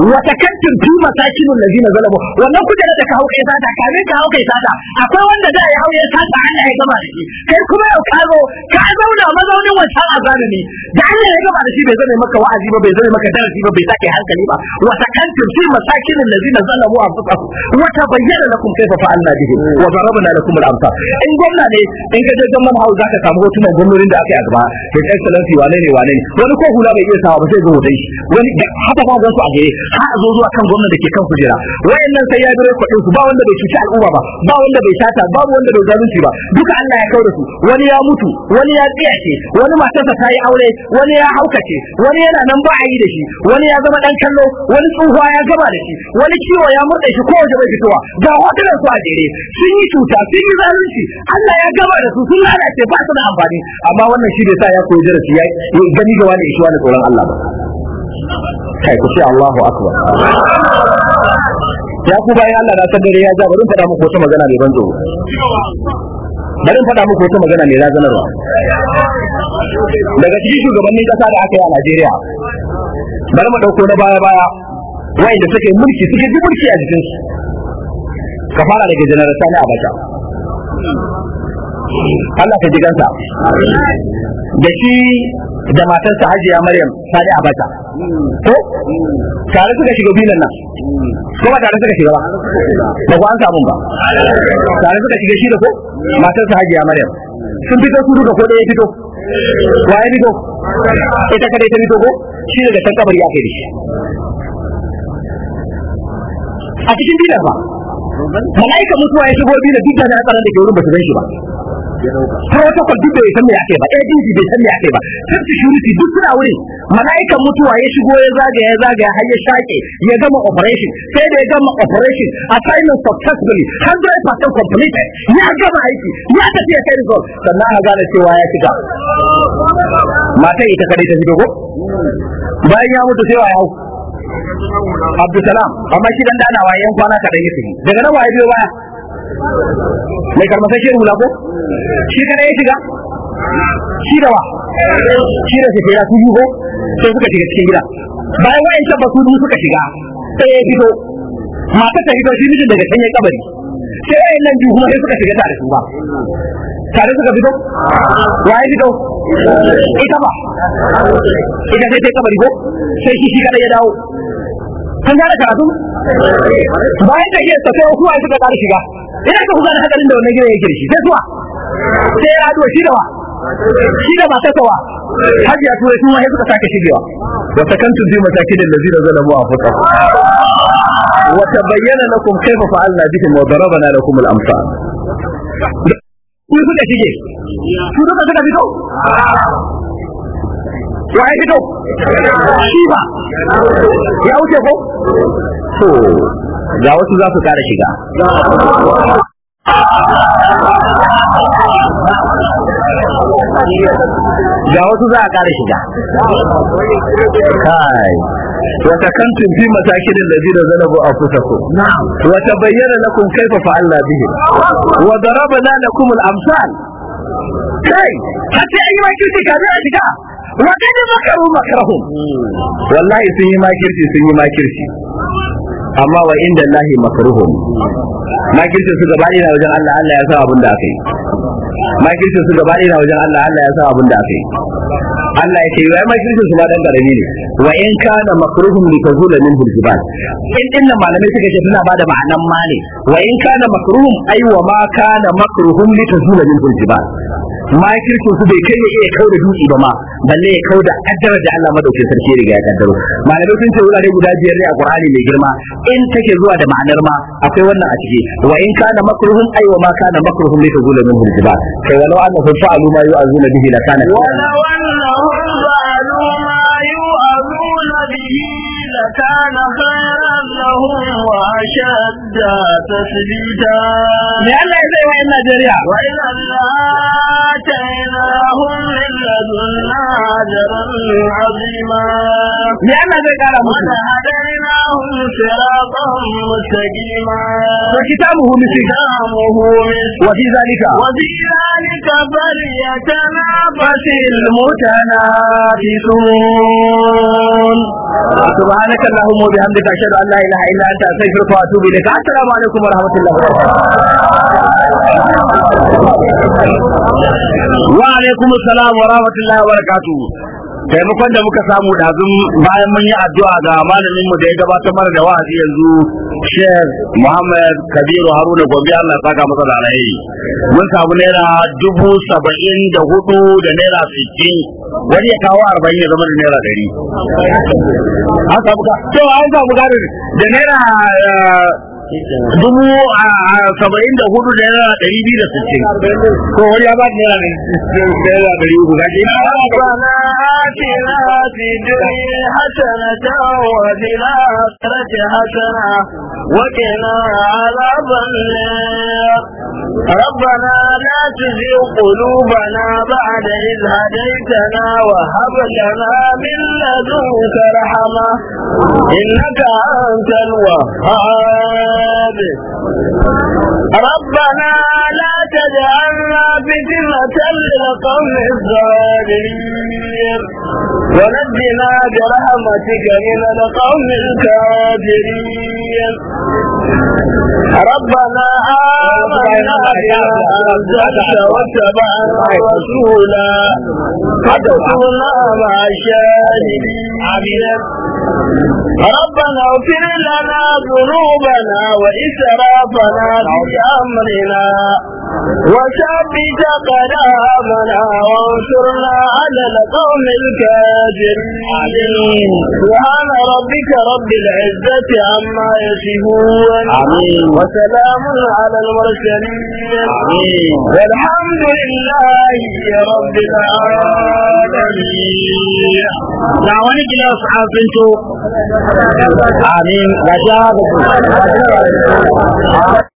wata kantin fi masakinul ladina zalamu wannan kujera da ka hauke ta ta kame ka hau kai ta akwai wanda da ya hauke ta ta Allah ya gaba da shi kai kuma ya kazo ka zauna mazaunin wancan azana ne da Allah ya gaba da shi bai zame maka wa'azi ba bai zame maka darasi ba bai sake hankali ba wata kantin fi masakinul ladina zalamu anfusahum wata bayyana lakum kaifa fa'alna bihi wa darabna lakum al-amsal in gwamna ne in ka je gwamnan hau zaka samu hotunan gwamnonin da aka yi azuma da excellency wane ne wane ne wani ko hula bai iya sawa ba sai ga hoton shi wani haka ba wasu a gare har a zo zuwa kan gwamna da ke kan kujera wayannan sai ya bi kuɗin su ba wanda bai cuci al'umma ba ba wanda bai tata ba wanda bai zalunci ba duka Allah ya kaura su wani ya mutu wani ya tsiyace wani matarsa ta yi aure wani ya haukace wani yana nan ba a yi da shi wani ya zama dan kallo wani tsuhuwa ya gaba da shi wani ciwo ya murɗe shi ko waje bai fitowa ga hotunan su a jere sun yi cuta sun yi zalunci Allah ya gaba da su sun lalace ba su da amfani amma wannan shi da sa ya koyi darasi ya gani ga wani ishiwa da tsoron Allah ba kai ku ce Allahu akbar ya ku bayan Allah na sadari ya ja bari faɗa muku wata magana ne banzo bari faɗa muku wata magana ne razanarwa daga cikin shugabannin kasa da aka yi a Najeriya bari mu dauko na baya baya wanda suke mulki suke duk mulki a jikinsu ka fara daga janar sani abacha Allah ka ji gansa da shi da matarsa hajiya maryam sani bata ko tare suka shiga binan nan ko ba tare suka shiga ba ba ku an samu ba tare suka shiga shi da ko matarsa hajiya maryam sun fito su duka ko ɗaya fito wa ya fito ita kada ta fito ko shi daga can kabari ya kai shi a cikin binan ba mala'ika mutuwa ya shigo binan duk da na tsaron da ke wurin ba su shi ba protocol duk bai san me ake ba ADD bai san me ake ba sai security duk suna wurin mala'ikan mutuwa ya shigo ya zagaya ya zagaya har ya shaƙe, ya gama operation sai da ya gama operation assignment successfully 100% completed ya gama aiki ya tafi ya kai result sannan a gane cewa ya shiga matan ita kadai ta fito ko bayan ya mutu sai wa ya hau Abdulsalam amma shi dan danawa yan kwana kadan yake daga nan wa ya biyo baya mai shi rula ko shi kada ya shiga shi da wa shi da shi da tuju ko sai suka shiga cikin gida bayan wa'ancan ba su biyu suka shiga sai ya fito mata ta fito shi mijin daga can kabari sai wa'in nan ji kuma sai suka shiga tare su ba tare suka fito waye fito ita ba ita sai sai kabari ko sai shi shi kada ya dawo kan gane karatu bayan da ke tafiya kuma suka tare shiga Ina ka kuka da hadarin da wannan gidan yake da shi sai zuwa sai ya haɗuwa shi da wa shi da matar wa hajji a turai kuma ya suka sake shigewa wa sakantu bi matakidin lazina zalamu anfusahum wa tabayyana lakum kayfa fa'alna bihim wa darabana lakum al-amsal ku suka shige ku suka suka fito ya fito shi ba ya wuce ko ga wasu za su kara shiga ga wasu za a kara shiga kai wata kantin fi masakin da zina zanabu a fusaku wata bayyana lakum kaifa Allah bihi raba na na kumul amsal kai hatta yi ma kirki ka a shiga wa kad makaru makrahum hmm. wallahi sun yi makirci sun yi makirci amma wa inda lahi ma makircin su gaba ina wajen Allah Allah ya sa abin da aka yi makircin su gaba ina wajen Allah Allah ya sa abin da Allah ya yi wai makircin su ma dan karami ne wa in kana makruhun li tazula min jibal in nan malamai suka ce suna bada ma'anan ma ne wa in kana makruhun aiwa ma kana makruhun li tazula min jibal makircin su bai kai ya iya da dutse ba ma balle ya da addara da Allah madaukakin sarki ya riga ya kaddaro malamai sun ce wurare guda biyar ne a Qur'ani mai girma in take zuwa da ma'anar ma akwai wannan a ciki wa in kana makruhum ay wa ma kana makruhum li tazula minhu al-jibal kai walau annahum fa'alu ma yu'azuna bihi la kana walau annahum fa'alu ma yu'azuna bihi la kana لهم وأشد تثبيتا لأن إذا وإن نجريا وإن آتيناهم لدنا أجرا عظيما لأن ذلك على مسلم وهديناهم صراطا مستقيما فكتابه مثل كتابه وفي ذلك وفي ذلك فليتنافس المتنافسون سبحانك اللهم وبحمدك أشهد أن لا إله إلا أنت أستغفرك وأتوب إليك السلام عليكم ورحمة الله وبركاته wa alaikum assalam wa rahmatullahi wa barakatuh taimakon da muka samu dazun bayan mun yi addu'a ga malamin mu da ya gabatar mana da wa'azi yanzu Sheikh Muhammad Kabiru Haruna Gombe Allah saka masa da mun samu naira dubu saba'in da hudu da naira sittin wani ya kawo arba'in ya zama da naira dari. An samu ka, to an samu da naira eh, dubu saba'in da hudu da yana ɗari biyu da sittin ko wani ya ba da yana ɗari uku وقنا عذاب النار ربنا لا تزغ قلوبنا بعد إذ هديتنا وهب لنا من لدنك رحمة إنك أنت الوهاب ربنا لا تجعلنا فتنة للقوم الظالمين ونجنا برحمتك من القوم الكافرين ربنا آمنا بأنزلت واتبعنا الرسول فاكتبنا مع الشاهدين ربنا اغفر لنا ذنوبنا وإسرافنا في أمرنا وثبت قدامنا وانصرنا على القوم الكافرين سبحان ربك رب العزة عما يصفون وسلام على المرسلين والحمد لله رب العالمين دعواني كلا أصحاب انتو آمين